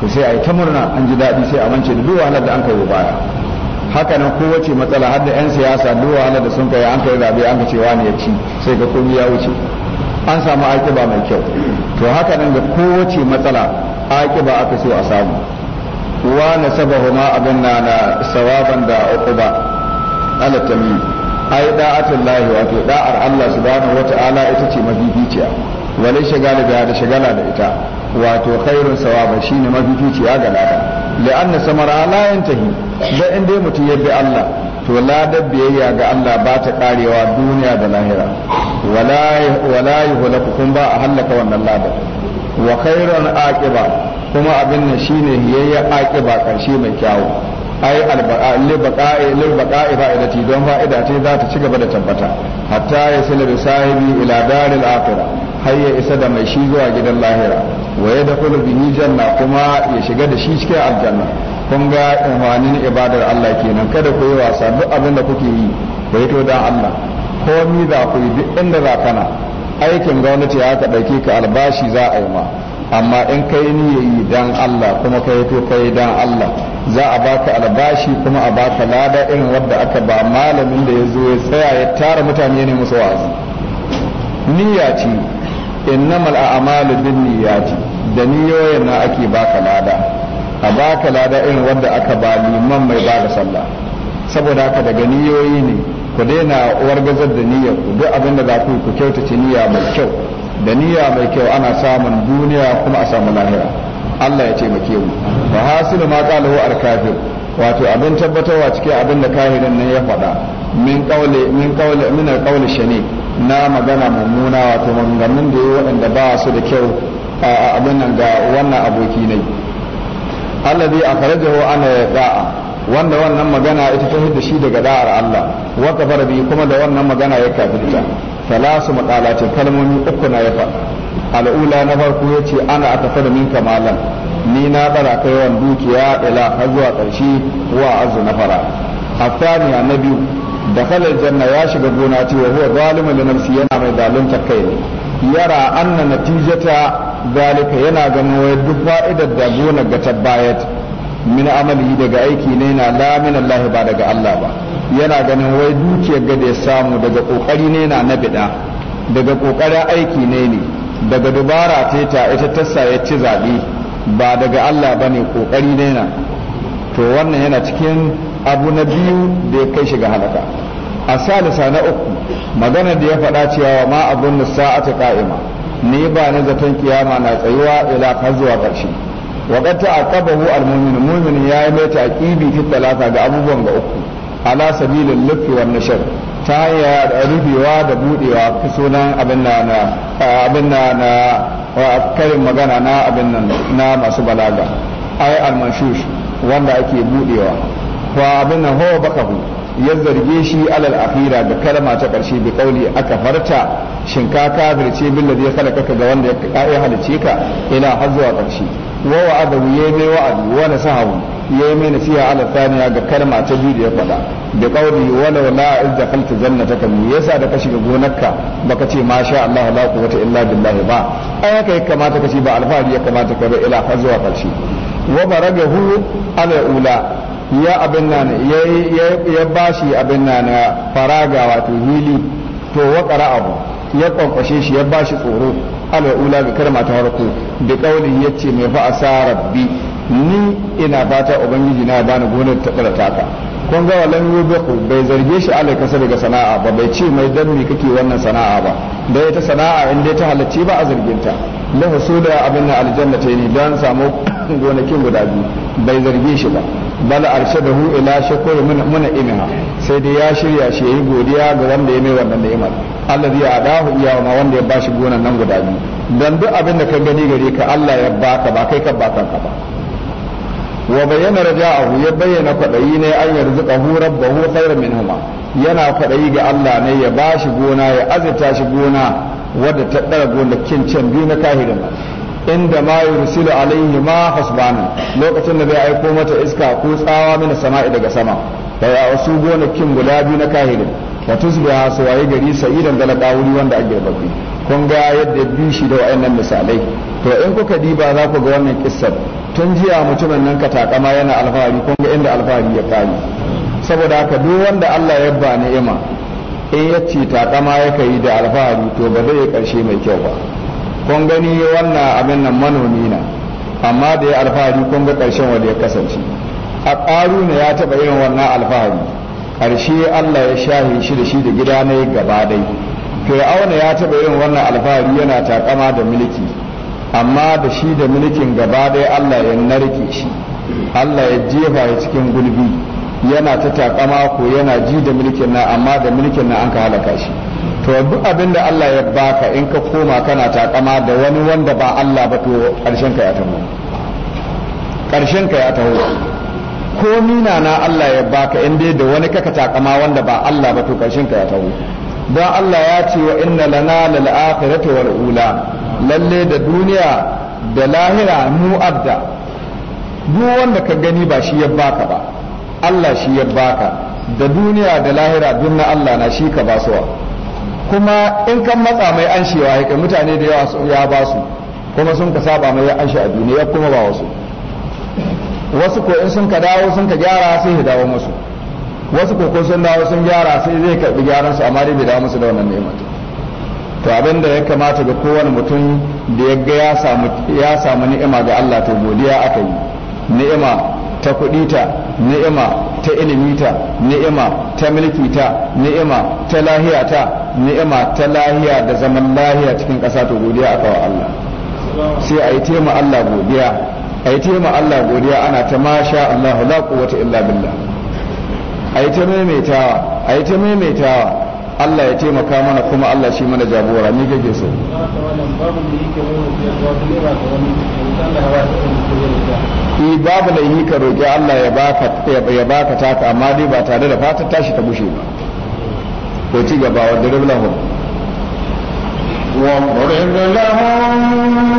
Speaker 2: to sai ai ta murna an ji daɗi sai a mance da duk wahalar da an kai baya haka nan kowace matsala har da 'yan siyasa duk wahala da sun kai an kai zabe an ka cewa ne ya ci sai ga komai ya wuce an samu aƙiba mai kyau to haka nan da kowace matsala aƙiba aka so a samu wa nasabahu ma abin na na sawaban da uquba ala yi ai da'atul lahi wato da'ar Allah subhanahu wata'ala ita ce mafificiya walai shagala da shagala da ita wato khairun sawaba shine mafificiya ga lada da anna samara la yantahi in dai mutum ya bi Allah to ladar biyayya ga Allah ba ta karewa duniya da lahira wala wala yuhlaku kun ba a halaka wannan lada wa khairun aqiba kuma abin nan shine yayya aqiba karshe mai kyawu ai alba'a lil baqa'i lil baqa'i fa'idati don fa'ida ce za ta ci gaba da tabbata hatta ya sanar sahibi ila daril akhirah har ya isa da mai shi zuwa gidan lahira wa ya da kula janna kuma ya shiga da shi cikin aljanna kun ga imanin ibadar Allah kenan kada ku yi wasa duk abin da kuke yi ku yi to dan Allah komi za ku yi duk inda za kana aikin gwamnati ya ka ɗauke ka albashi za a yi ma amma in kai ya yi dan Allah kuma kai to kai dan Allah za a baka albashi kuma a baka lada irin wanda aka ba malamin da ya zo ya tsaya ya tara mutane ne musu wa'azi niyya ce innamal a'malu bin niyyati da niyoyin na ake baka lada a baka lada irin wanda aka ba liman mai ba da sallah saboda haka daga niyoyi ne ku daina wargazar da niyyar ku duk abin da za ku ku kyautace niyya mai kyau da niyya mai kyau ana samun duniya kuma a samu lahira Allah ya ce mu wa hasilu ma qalahu al-kafir wato abin tabbatarwa cikin abin da kafirin nan ya faɗa min qawli min qawli min al-qawli shani' na magana mummuna wato maganganun da yi waɗanda ba su da kyau a abin nan ga wannan aboki ne fara akhrajahu ana da'a wanda wannan magana ita ta hidda shi daga da'ar Allah wata kafara biyu kuma da wannan magana ya kafirta talasu matsalacin kalmomi uku na ya fa al'ula na farko ya ce ana atafada minka kamalan ni na tsara kai wan dukiya ila har zuwa ƙarshe wa azu na fara الثانية na biyu. da kalar janna ya shiga gona ce wa huwa zalimu li nafsi yana mai zalunta kai ne yara anna natijata zalika yana ganin wai duk fa'idar da gona ga tabbayat min amali daga aiki ne na la ba daga Allah ba yana ganin wai dukiyar ga ya samu daga kokari ne na na daga kokarin aiki ne ne daga dubara ta ita tassa ya ci zaɓe ba daga Allah bane kokari ne to wannan yana cikin abu na biyu da ya kai shiga halaka a salisa na uku magana da ya faɗa cewa ma abun da sa'ata ka'ima ni ba na zaton kiyama na tsayuwa ila har zuwa ƙarshe wa qad ta'aqabahu al-mu'min mu'min ya yi mai taƙibi fi talata ga abubuwan ga uku ala sabilin lufi wa nashar ta hanyar rufewa da buɗewa fi sunan abin na na na karin magana na abin na masu balaga ai al-manshush wanda ake buɗewa. fa abin hawa bakahu ya zarge shi alal akhira da kalma ta karshe bi kauli aka farta shin ka kafirce da ya khalaqaka ga wanda ya halice ka ila hazuwa karshe wa wa'ada ya mai wa'adi wa nasahu ya mai nasiha ala thaniya ga kalma ta biyu da ya faɗa da kauli wala la idza dakhalta jannataka me yasa da ka shiga gonarka baka ce masha Allah la quwwata illa billahi ba ai kai kamata ka ce ba alfahari ya kamata ka ba ila hazuwa karshe wa barajahu ala ula ya abin nan ya shi abin nan eh, faraga wato hili to waƙara abu ya kwakwashe shi ya bashi tsoro al'ula ga karma ta harko da kauli ya ce mai sa rabbi ni ina fata ubangiji na bani gonar ta tsara taka kun ga walan yubaku bai zarge shi alai kasa daga sana'a ba bai ce mai dan me kake wannan sana'a ba da ita sana'a inda ta halacce ba a zargin ta lahu da abin aljanna ta ne dan samu gonakin guda biyu bai zarge shi ba bala arshadahu ila shukr muna imiha sai dai ya shirya shi yayi godiya ga wanda ya mai wannan ni'imar allazi adahu iyahu ma wanda ya bashi gonan nan guda biyu dan duk abin da ka gani gare ka Allah ya baka ba kai ka baka ka ba wa bayyana raja'ahu ya bayyana kwadayi ne an yarzuqahu rabbahu khairan minhuma yana kwadayi ga Allah ne ya bashi gona ya azurta shi gona wadda ta dara gonakin can biyu na kahirin nan inda ma yursilu alaihi ma hasbana lokacin da zai aiko mata iska ko tsawa mina sama'i daga sama da ya wasu gonakin guda biyu na kahirin wa tusbiha su waye gari sa'idan galaka wuri wanda ake babbi kun ga yadda bi shi da wayannan misalai to in kuka diba za ku ga wannan kissar tun jiya mutumin nan ka takama yana alfahari kun ga inda alfahari ya kare saboda haka duk wanda Allah ya ba ni'ima in yace ce takama yaka yi da alfahari to ba zai karshe mai kyau ba kun gani wannan abin nan manomi na amma da ya alfahari kun ga ƙarshen wanda ya kasance a ƙaru ne ya taɓa yin wannan alfahari ƙarshe Allah ya shahi shi da shi da gida na yi gaba dai fir'auna ya taɓa yin wannan alfahari yana takama da mulki amma da shi da mulkin gaba dai Allah ya narke shi Allah ya jefa ya cikin gulbi yana ta takama ko yana ji da mulkin na amma da mulkin na an ka halaka shi to duk abin da Allah ya baka in ka koma kana takama da wani wanda ba Allah ba to karshen ka ya taho karshen ka ya taho ko ni na Allah ya baka in dai da wani kaka takama wanda ba Allah ba to karshen ka ya taho don Allah ya ce wa inna lana lil akhirati wal ula lalle da duniya da lahira mu abda duk wanda ka gani ba shi ya baka ba Allah shi ya baka da duniya da lahira duk na Allah na shi ka basuwa kuma in kan matsa mai an shewa ya mutane da yawa ya ba su kuma sun ka saba mai an shi a duniya kuma ba wasu wasu ko in sun ka dawo sun ka gyara sai ya dawo musu wasu ko sun dawo sun gyara sai zai karbi gyaran su amma dai bai dawo musu da wannan mutum to abin da ya kamata ga kowane mutum da ya ga ya samu ni'ima ga Allah to godiya aka yi ni'ima ta kuɗi ta ni'ima ta ilimi ta ni'ima ta mulki ta ni'ima ta lahiya ta ni'ima ta lahiya da zaman lahiya cikin ƙasa to godiya aka wa Allah sai a yi tema Allah godiya a yi tema Allah godiya ana ta masha Allah la quwwata illa billah a yi ta maimaitawa a yi ta maimaitawa Allah ya taimaka mana kuma Allah shi mana jagora ni gage so i e, babu da yi ka roƙi Allah ya baka ya baka taka amma dai ba tare da fatan tashi ta bushe ba ko ci gaba wa dirbil lahum wa lahum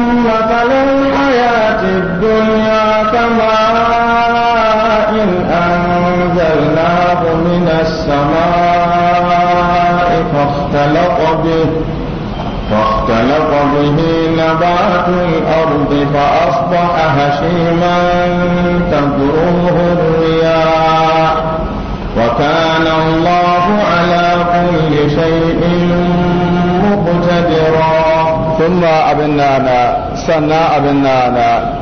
Speaker 1: به نبات الأرض فأصبح هشيما تدروه الرياء وكان الله على كل شيء مقتدرا
Speaker 2: ثم أبنانا سنا أبنانا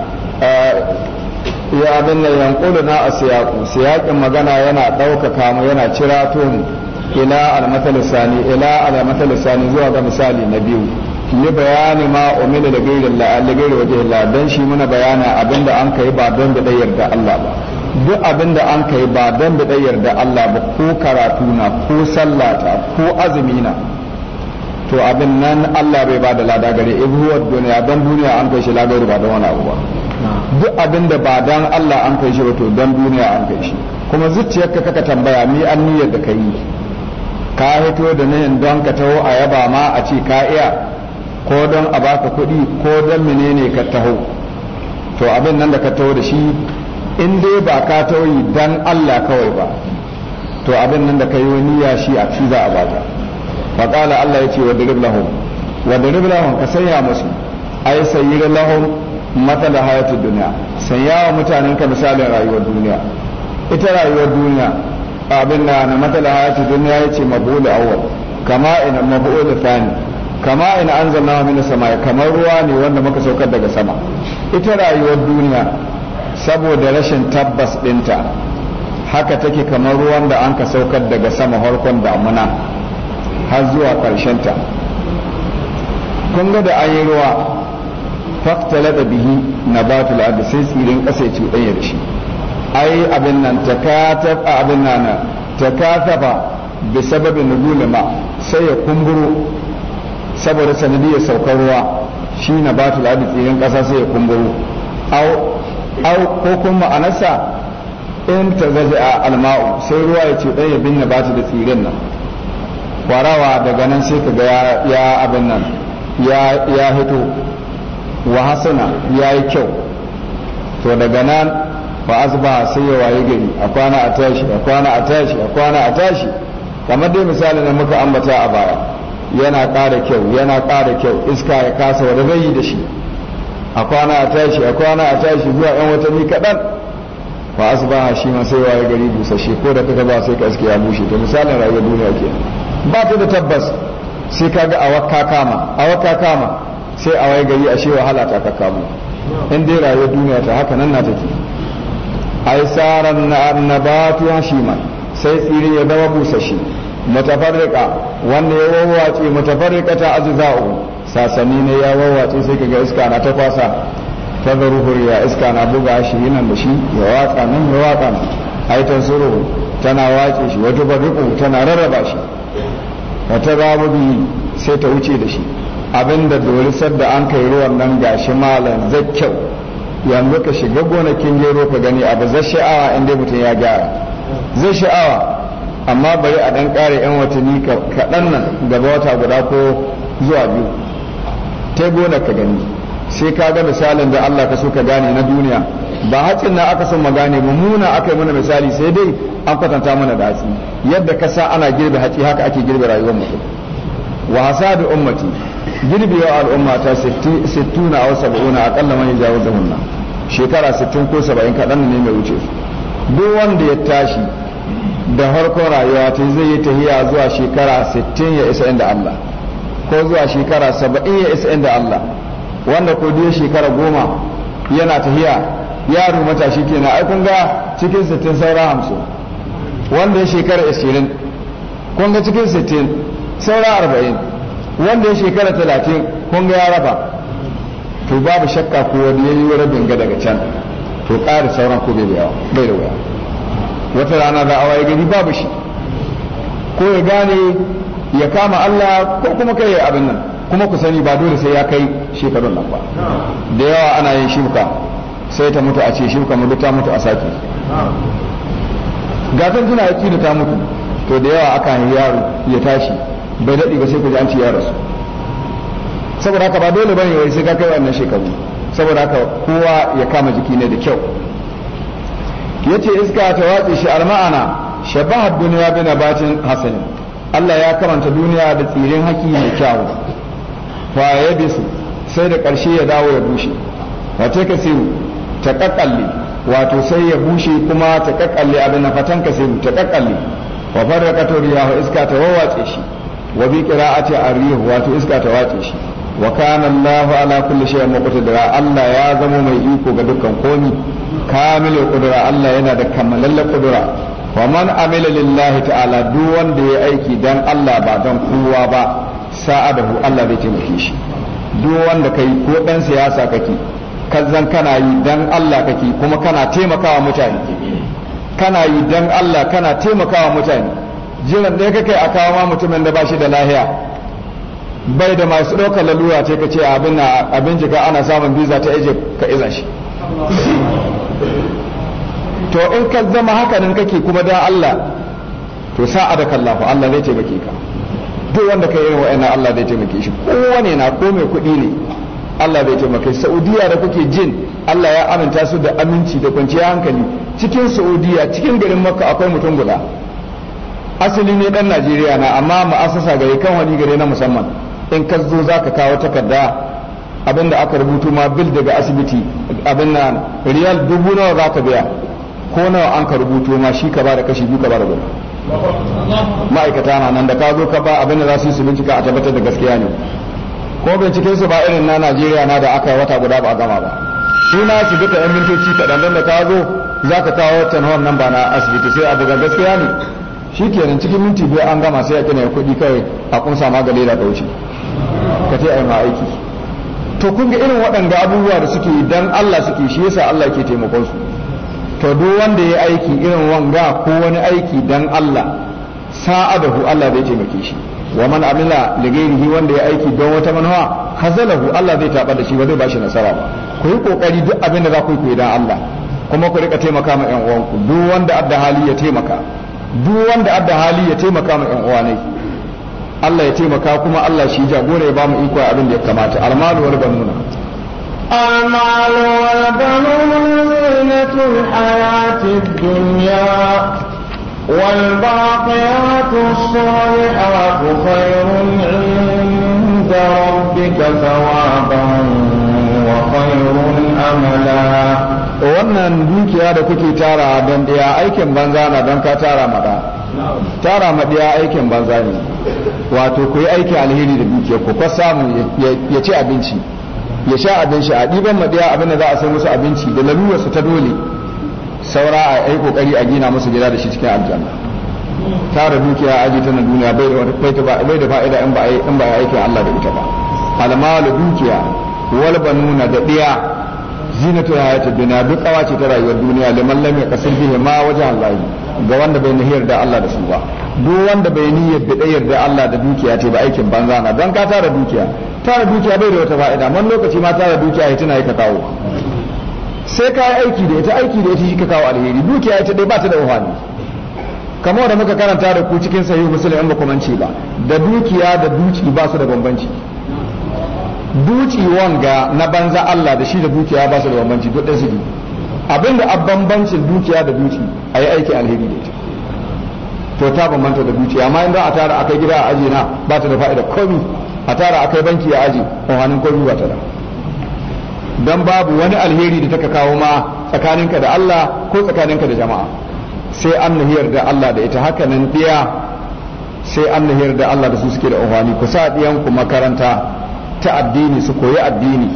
Speaker 2: ya abin nan yankulu na a siyaku siyakin magana yana ɗaukaka mu yana cira ila almatal ila zuwa ga misali na biyu li bayani ma umila da gairi Allah da gairi waje Allah dan shi muna bayana abinda an kai ba don da yarda Allah ba duk abinda an kai ba don da yarda Allah ba ko karatu na ko sallata ko azumi na to abin nan Allah bai ba da lada gare ibuwar duniya dan duniya an kai shi lagari ba da wani abu ba duk abin da ba dan Allah an kai shi ba to dan duniya an kai shi kuma zuciyarka kaka tambaya ni an niyyar da kai ka hito da nan don ka taho a yaba ma a ce ka iya ko don a baka kuɗi ko don menene ka taho to abin nan da ka taho da shi in dai ba ka taho dan Allah kawai ba to abin nan da ka yi niyya shi a fi za a baka fa kala Allah ce wa dirib lahum wa dirib lahum ka sanya musu ai sayyir lahum matala hayatud dunya sanya wa mutanen ka misalin rayuwar duniya ita rayuwar duniya abin da na matal hayatud dunya ce mabul awwal kama ina da thani kama in anzalna min samai kamar ruwa ne wanda muka saukar daga sama ita rayuwar duniya saboda rashin tabbas dinta haka take kamar ruwan da anka saukar daga sama harkon damuna har zuwa karshen ta kun ga da yi ruwa faktala da bihi na batul ardi sai tsirin ƙasa ya cuɗanya da shi ai abin nan ta abin nan takafafa bi sababin ma sai ya kumburo saboda sanadiyar saukar ruwa shi na ba da tsirin ƙasa sai ya kumburu au ko kuma a nasa in ta zaje a alma'u sai ruwa ya ce ɗan ya binne ba da tsirin nan kwarawa daga nan sai kaga ya abin nan ya hito wa hasana ya yi kyau to daga nan ba asba sai ya waye a kwana a tashi a kwana a tashi a kwana a tashi kamar dai misali na muka ambata a baya yana ƙara kyau yana ƙara kyau iska ya kasa wani rai da shi a kwana a tashi a kwana a tashi zuwa yan watanni kaɗan ba a shi ma sai waye gari busashe ko da kaga ba sai ka iske ya bushe to misalin rayuwar duniya ke ba ta da tabbas sai kaga a awaka kama kama sai a waye gari a shi wahala ta kamu in dai rayuwar duniya ta haka nan na take ai tsaran na annabatu shi ma sai tsirin ya zama busashe mutafarriqa wanda ya wawace mutafarriqa ta ajza'u sasanni ne ya wawace sai kaga iska na ta kwasa ta zaruhur ya iska na buga shi nan da shi ya watsa nan ya watsa nan ai tana wace shi wata barriqu tana rarraba shi wata babu bi sai ta wuce da shi abinda dorisar da an kai ruwan nan gashi malam zai kyau yanzu ka shiga gonakin gero ka gani abu zai sha'awa inda mutum ya gyara zai sha'awa amma bari a dan kare yan watanni kaɗan nan gaba wata guda ko zuwa biyu ta gona ka gani sai ka ga misalin da Allah ka so ka gane na duniya ba hatsin na aka son mu gane mummuna aka yi mana misali sai dai an kwatanta mana da hatsi yadda ka sa ana girbe hatsi haka ake girbe rayuwar mutum wa hasadu ummati girbewa al'umma ta 60 aw 70 akalla man jawo da hunna shekara 60 ko 70 kadan ne mai wuce duk wanda ya tashi da harkon rayuwa ta zai yi tahiya zuwa shekara 60 ya isa inda Allah ko zuwa shekara 70 ya isa inda Allah wanda ko duk shekara goma yana tahiya yaro matashi kenan ai kun ga cikin 60 saura 50 wanda ya shekara 20 kun ga cikin 60 saura 40 wanda ya shekara 30 kun ga ya raba to babu shakka ko wani yayi rabin ga daga can to ƙara sauran ko bai da wuya wata rana za a waye gari babu shi ko ya gane ya kama Allah ko kuma kai abin nan kuma ku sani ba dole sai ya kai shekarun nan ba da yawa ana yin shirka sai ta mutu a ce shirka mu ta mutu a sake gatan tuna yaki da ta mutu to da yawa aka yi yaro ya tashi bai daɗi ba sai ku ji an ci ya rasu saboda haka ba dole bane wai sai ka kai wannan shekaru saboda haka kowa ya kama jiki ne da kyau yace iska ta watsi shi alma'ana shabaha duniya bi nabatin hasan Allah ya karanta duniya da tsirin haki mai kyau fa ya bisu sai da ƙarshe ya dawo ya bushe wace ka sai ta kakkalle wato sai ya bushe kuma ta kakkalle abin na fatan ka sai ta kakkalle wa farraqatu riyahu iska ta wawace shi wa bi qira'ati ar-rih wato iska ta wace shi wa kana Allah ala kulli shay'in muqtadira Allah ya zama mai iko ga dukkan komi kamil qudra Allah yana da kammalalle qudra wa man amila lillahi ta'ala duk wanda ya aiki dan Allah ba dan kowa ba sa'adahu Allah zai taimake shi duk wanda kai ko dan siyasa kake kazan kana yi dan Allah kake kuma kana taimakawa mutane kana yi dan Allah kana taimakawa mutane jiran da kake a kawo mutumin da ba shi da lahiya bai da masu ɗaukar lalura ce ka ce abin abin jika ana samun biza ta egypt ka iza shi to in ka zama hakanin kake kuma da allah to a da kallafa allah zai taimake ka duk wanda ka yi irin wa'ina allah zai taimake shi kowane na ko mai kuɗi ne allah zai taimake saudiya da kuke jin allah ya aminta su da aminci da kwanciya hankali cikin saudiya cikin garin makka akwai mutum guda asali ne dan najeriya na amma ma'asasa gari kan wani gari na musamman in ka zo za ka kawo takarda abin da aka rubutu ma bil daga asibiti abin na riyal dubu nawa za ka biya ko nawa an ka rubuto ma shi ka ba da kashi biyu ka ba da goma ma'aikata na nan da ka zo ka ba abin da za su yi su bincika a tabbatar da gaskiya ne ko binciken su ba irin na Najeriya na da aka yi wata guda ba a gama ba suna su duka yan mintoci kaɗan don da ka zo za ka kawo tanhon nan ba na asibiti sai a daga gaskiya ne shi kenan cikin minti biyu an gama sai a kina kuɗi kai a kunsa ma ga leda ɗauci ka ta yi ma aiki to kun ga irin waɗanda abubuwa da suke dan Allah suke shi yasa Allah ke taimakon su to duk wanda ya aiki irin wanga ko wani aiki dan Allah sa'adahu Allah zai taimake shi wa man amila li wanda ya aiki don wata manhawa hazalahu Allah zai taba da shi ba zai bashi nasara ba ku yi kokari duk abin da za ku yi dan Allah kuma ku rika taimaka ma yan uwanku duk wanda adda hali ya taimaka duk wanda adda hali ya taimaka ma yan uwa ne Allah ya taimaka kuma Allah shi jagora ya ba mu iko abin da ya kamata almalu wal banun almalu wal
Speaker 1: banun zinatul hayatid dunya والباقيات khairun inda
Speaker 2: rabbika thawaban wa khairun amala wannan dukiya da kuke tara don ɗaya aikin banza na don ka tara mada tara maɗiya aikin banza ne wato ku yi aiki alheri da dukiya ku kwa samu ya ci abinci ya sha abin shi a ɗiban maɗiya abin da za a sai musu abinci da su ta dole saura a yi kokari a gina musu gida da shi cikin aljanna tara dukiya aji ta na duniya bai da fa'ida in ba in ba aikin Allah da ita ba almalu dukiya wal banuna da ɗiya. zinatu hayati bina duk tsawa ce ta rayuwar duniya liman lam yakasir bihi ma wajen Allah ga wanda bai niyyar da Allah da su ba duk wanda bai niyyar da da Allah da dukiya ce ba aikin banza na dan ka tara dukiya tara dukiya bai da wata fa'ida man lokaci ma tara dukiya ya tana ka kawo sai ka yi aiki da ita aiki da ita shi ka kawo alheri dukiya ita dai ba ta da wahali kamar da muka karanta da ku cikin sahihu muslim in ba ba da dukiya da duki ba su da bambanci duci wanga na banza Allah da shi da dukiya ba su da bambanci duk ɗaya suke abin da bambancin dukiya da duci a yi aiki alheri da ita to ta bambanta da dukiya amma in a tara akai gida a aji na ba ta da fa'ida komi a tara akai banki a aji ohanin komi ba ta da dan babu wani alheri da taka kawo ma tsakaninka da Allah ko tsakaninka da jama'a sai an nahiyar da Allah da ita haka nan diya sai an nahiyar da Allah da su suke da ohani ku sa diyan ku makaranta ta addini su koyi addini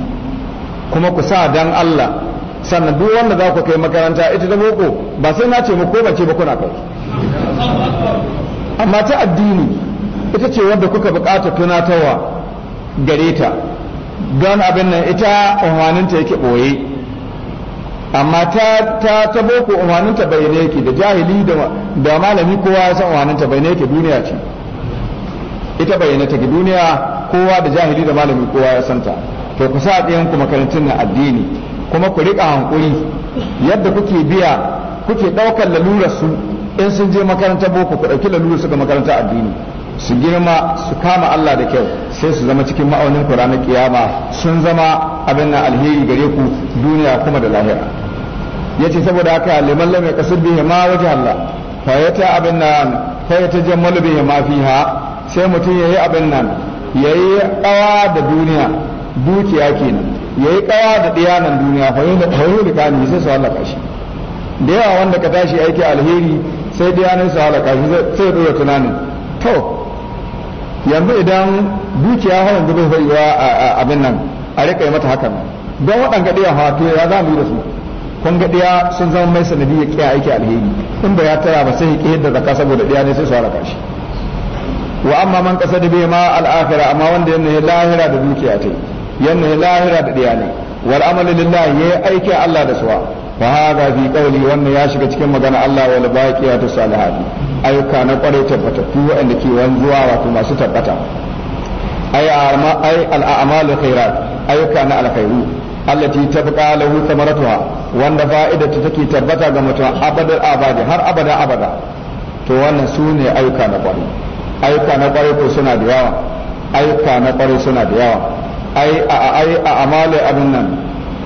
Speaker 2: kuma ku sa dan Allah sannan duk wanda za ku kai makaranta ita da boko ba sai na ce mu ko bace ba kuna kai amma ta addini ita ce wanda kuka bukata tunatarwa gare ta don abin nan ita umarninta yake boye amma ta ta ta boko umarninta bayyane yake da jahili da da malami kowa ya san umarninta bayyane yake duniya ce ita bayyane take duniya kowa da jahili da malami kowa ya santa to ku sa ɗayan ku makarantun na addini kuma ku riƙa hankuri yadda kuke biya kuke ɗaukar lalurar su in sun je makarantar boko ku ɗauki lalurar su ga makarantar addini su girma su kama Allah da kyau sai su zama cikin ma'aunin ku ranar kiyama sun zama abin na alheri gare ku duniya kuma da lahira yace saboda haka liman lam kasar bihi ma wajha Allah fa yata abin nan fa yata jammalu bihi ma fiha sai mutum ya yayi abin nan yayi kawa da duniya dukiya kenan yayi kawa da diyanan duniya fa yau da kani sai su halaka shi da yawa wanda ka tashi aiki alheri sai diyanan su halaka shi sai dora tunanin to yanzu idan dukiya hawan da bai faiwa abin nan a rika yi mata hakan don waɗanda ɗaya hawa to ya za mu yi da su kun ga ɗaya sun zama mai sanadi ya kiya aiki alheri in ba ya tara ba sai ya ƙi yadda zaka saboda ɗiya ne sai su halaka shi wa amma man kasa da ma al'akhira amma wanda yana ya lahira da dukiya ta yana ya lahira da diyani wal amalu lillahi yayi aiki Allah da suwa fa hada fi qawli wannan ya shiga cikin magana Allah wal baqiyatu salihati ayyuka na kware tabbatattu wanda ke wanzuwa wato masu tabbata ay al a'malu khairat ayyuka na alkhairu allati tabqa lahu thamaratuha wanda fa'idatu take tabbata ga mutum abadar abadi har abada abada to wannan sune ayyuka na kware aika na kwarai ko suna da yawa aika na kwarai suna da yawa ai a ai a amale abin nan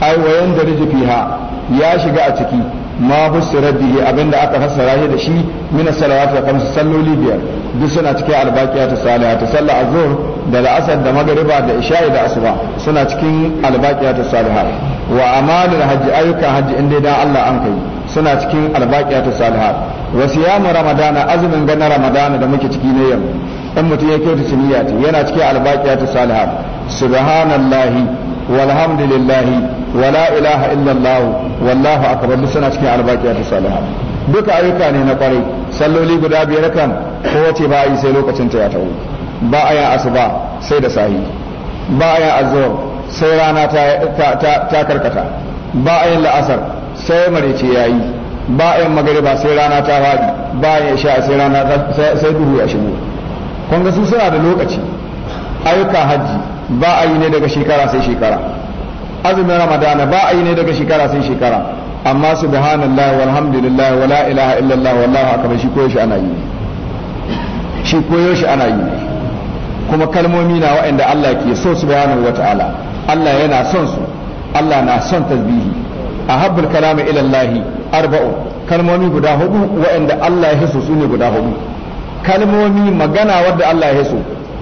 Speaker 2: ai wayan da fiha ya shiga a ciki ma fusirar dihi abinda aka fassara shi da shi min salawat da kamsu salloli biyar duk suna cikin albaqiya ta salihat ta sallah azhur da la'asar da magriba da isha'i da asuba suna cikin albaqiya ta salihat wa amalul hajji ayyukan hajji inda da Allah an kai suna cikin albaqiyatu salihat wa siyamu ramadana azumin ganin ramadana da muke ciki ne yau in mutum ya kyauta niyya ce yana cikin albaqiyatu salihat subhanallahi walhamdulillahi wala ilaha illallah wallahu akbar suna cikin albaqiyatu salihat duka ayyuka ne na kwarai salloli guda biyar kan kowace ba a yi sai lokacin ta ya tawo ba a asuba sai da sahi ba a yin sai rana ta karkata ba a yin la'asar sai marice ya yi ba a yin magariba sai rana ta haɗi ba a yin sha sai rana sai duhu ya shigo kun ga su suna da lokaci ayyuka hajji ba a yi ne daga shekara sai shekara azumin ramadana ba a yi ne daga shekara sai shekara amma subhanallah walhamdulillah wala ilaha illallah wallahu akbar shi koyo shi ana yi shi koyo shi ana yi kuma kalmomi na wa'inda Allah ke so subhanahu wata'ala Allah yana son su Allah na son tasbihi ahabbul kalami ila Allah arba'u kalmomi guda hudu waɗanda Allah ya so su ne guda hudu kalmomi magana wadda Allah ya so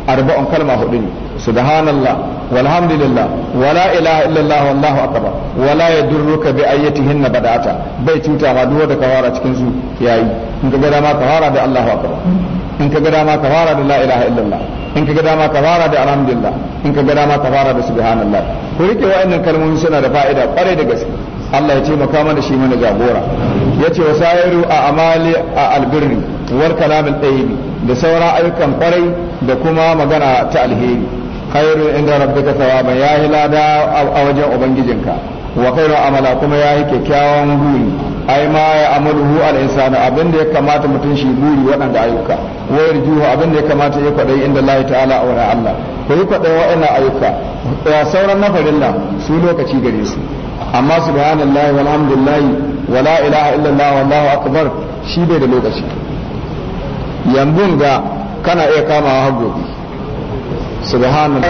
Speaker 2: arba'un kalma hudu ne subhanallah walhamdulillah wala ilaha illallah wallahu akbar wala yadurruka bi ayyatihin bada'ata bai cuta ma duk wanda ka cikin su yayi in ga dama ka da Allahu akbar in ka ga dama ka fara da la ilaha illallah in ka ga dama ka fara da alhamdulillah in ka ga dama ka fara da subhanallah ku rike wa'annan kalmomi suna da fa'ida kwarai da gaske Allah ya ce maka mana shi mana jagora yace wa sa'iru a amali a albirni wal kalamil da saura ayyukan kwarai da kuma magana ta alheri khairu inda rabbika thawaban ya lada a wajen ubangijinka wa khairu amala kuma ya yi kyakkyawan guri ai ma ya amaluhu al insana abinda ya kamata mutum shi guri waɗanda ayyuka wa yarjuhu abinda ya kamata ya kwadai inda Allah ta'ala a wurin Allah ko yi kwadai waɗannan ayyuka sauran na farilla su lokaci gare su amma subhanallahi walhamdulillahi wala ilaha illallah wallahu akbar shi bai da lokaci yambun ga kana iya kama har subhanallahi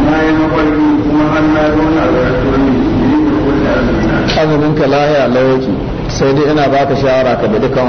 Speaker 2: na azumin sai dai ina baka shawara ka bi dukan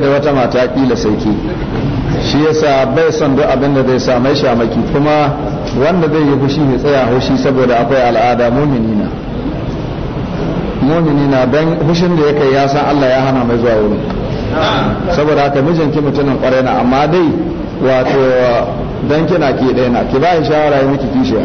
Speaker 2: bai da wata mata kila sai shi yasa bai son duk abin da zai same shi maki kuma wanda zai yi fushi mai tsaya haushi saboda akwai al'ada muminina muminina don fushin da ya kai ya san Allah ya hana mai zuwa wurin saboda haka mijinki mutumin kwarai na amma dai wato dan kina ki dai na ki ba shawara yi miki kishiya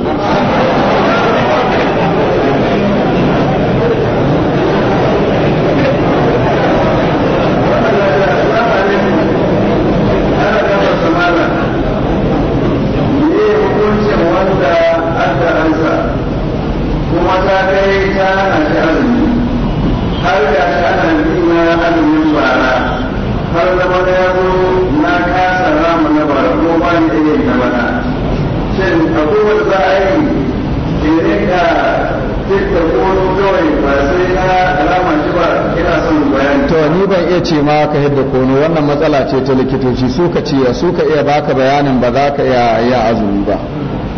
Speaker 2: ban iya ce ma ka hidda kono wannan matsala ce ta likitoci suka ce suka iya baka bayanin ba za ka iya ya azumi ba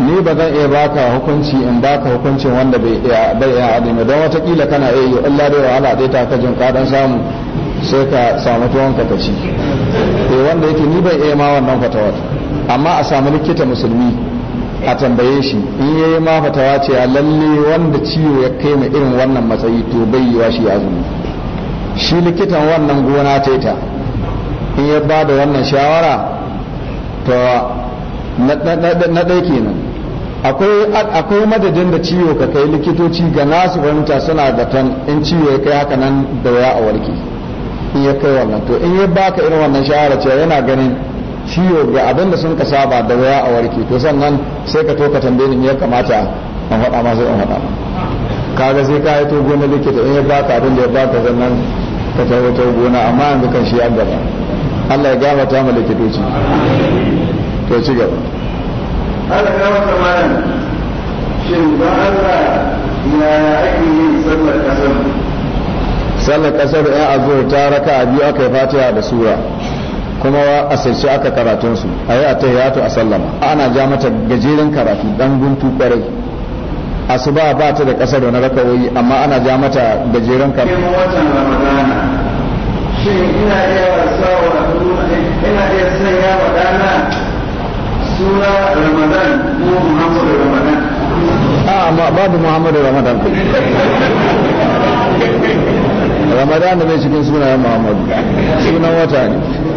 Speaker 2: ni ba zan iya baka hukunci in baka hukuncin wanda bai iya bai iya azumi don watakila kana iya yi Allah dai wahala dai ta ka jin kadan samu sai ka samu tuwon ka ci eh wanda yake ni bai iya ma wannan fatawar amma a samu likita musulmi a tambaye shi in yayi ma fatawa ce a lalle wanda ciwo ya kai mu irin wannan matsayi to bai yiwa shi azumi shi likitan wannan gona ta in ya ba da wannan shawara to na ɗaya kenan akwai madadin da ciwo ka kai likitoci ga nasu fahimta suna zaton in ciwo ya kai haka nan da ya a warke in ya kai wannan to in ya baka irin wannan shawara cewa yana ganin ciwo ga abin da sun ka saba da ya a warke to sannan sai ka toka tambayin in ya kamata an faɗa ma sai an faɗa kaga sai ka yi to gona likita in ya baka abin da ya baka sannan ta kai wata gona amma yanzu kan shi an gaba Allah ya gafarta mu likitoci to ci gaba
Speaker 1: Allah ya gafarta malam shin ba Allah ya ake yin sallar kasar
Speaker 2: sallar kasar ya azo ta raka a biyu aka yi fatiha da sura kuma a sace aka karatunsu a yi a tahiyatu a sallama ana ja mata gajeren karatu dan guntu kwarai asuba ba ta da ƙasa da wani rakawoyi amma ana ja mata gajeren kan cikin
Speaker 1: watan ramadana shin ina iya wasa wa ina iya sanya wa dana sura ramadan ko muhammadu ramadan
Speaker 2: a amma babu muhammadu ramadan ramadan da cikin sunayen muhammadu sunan wata ne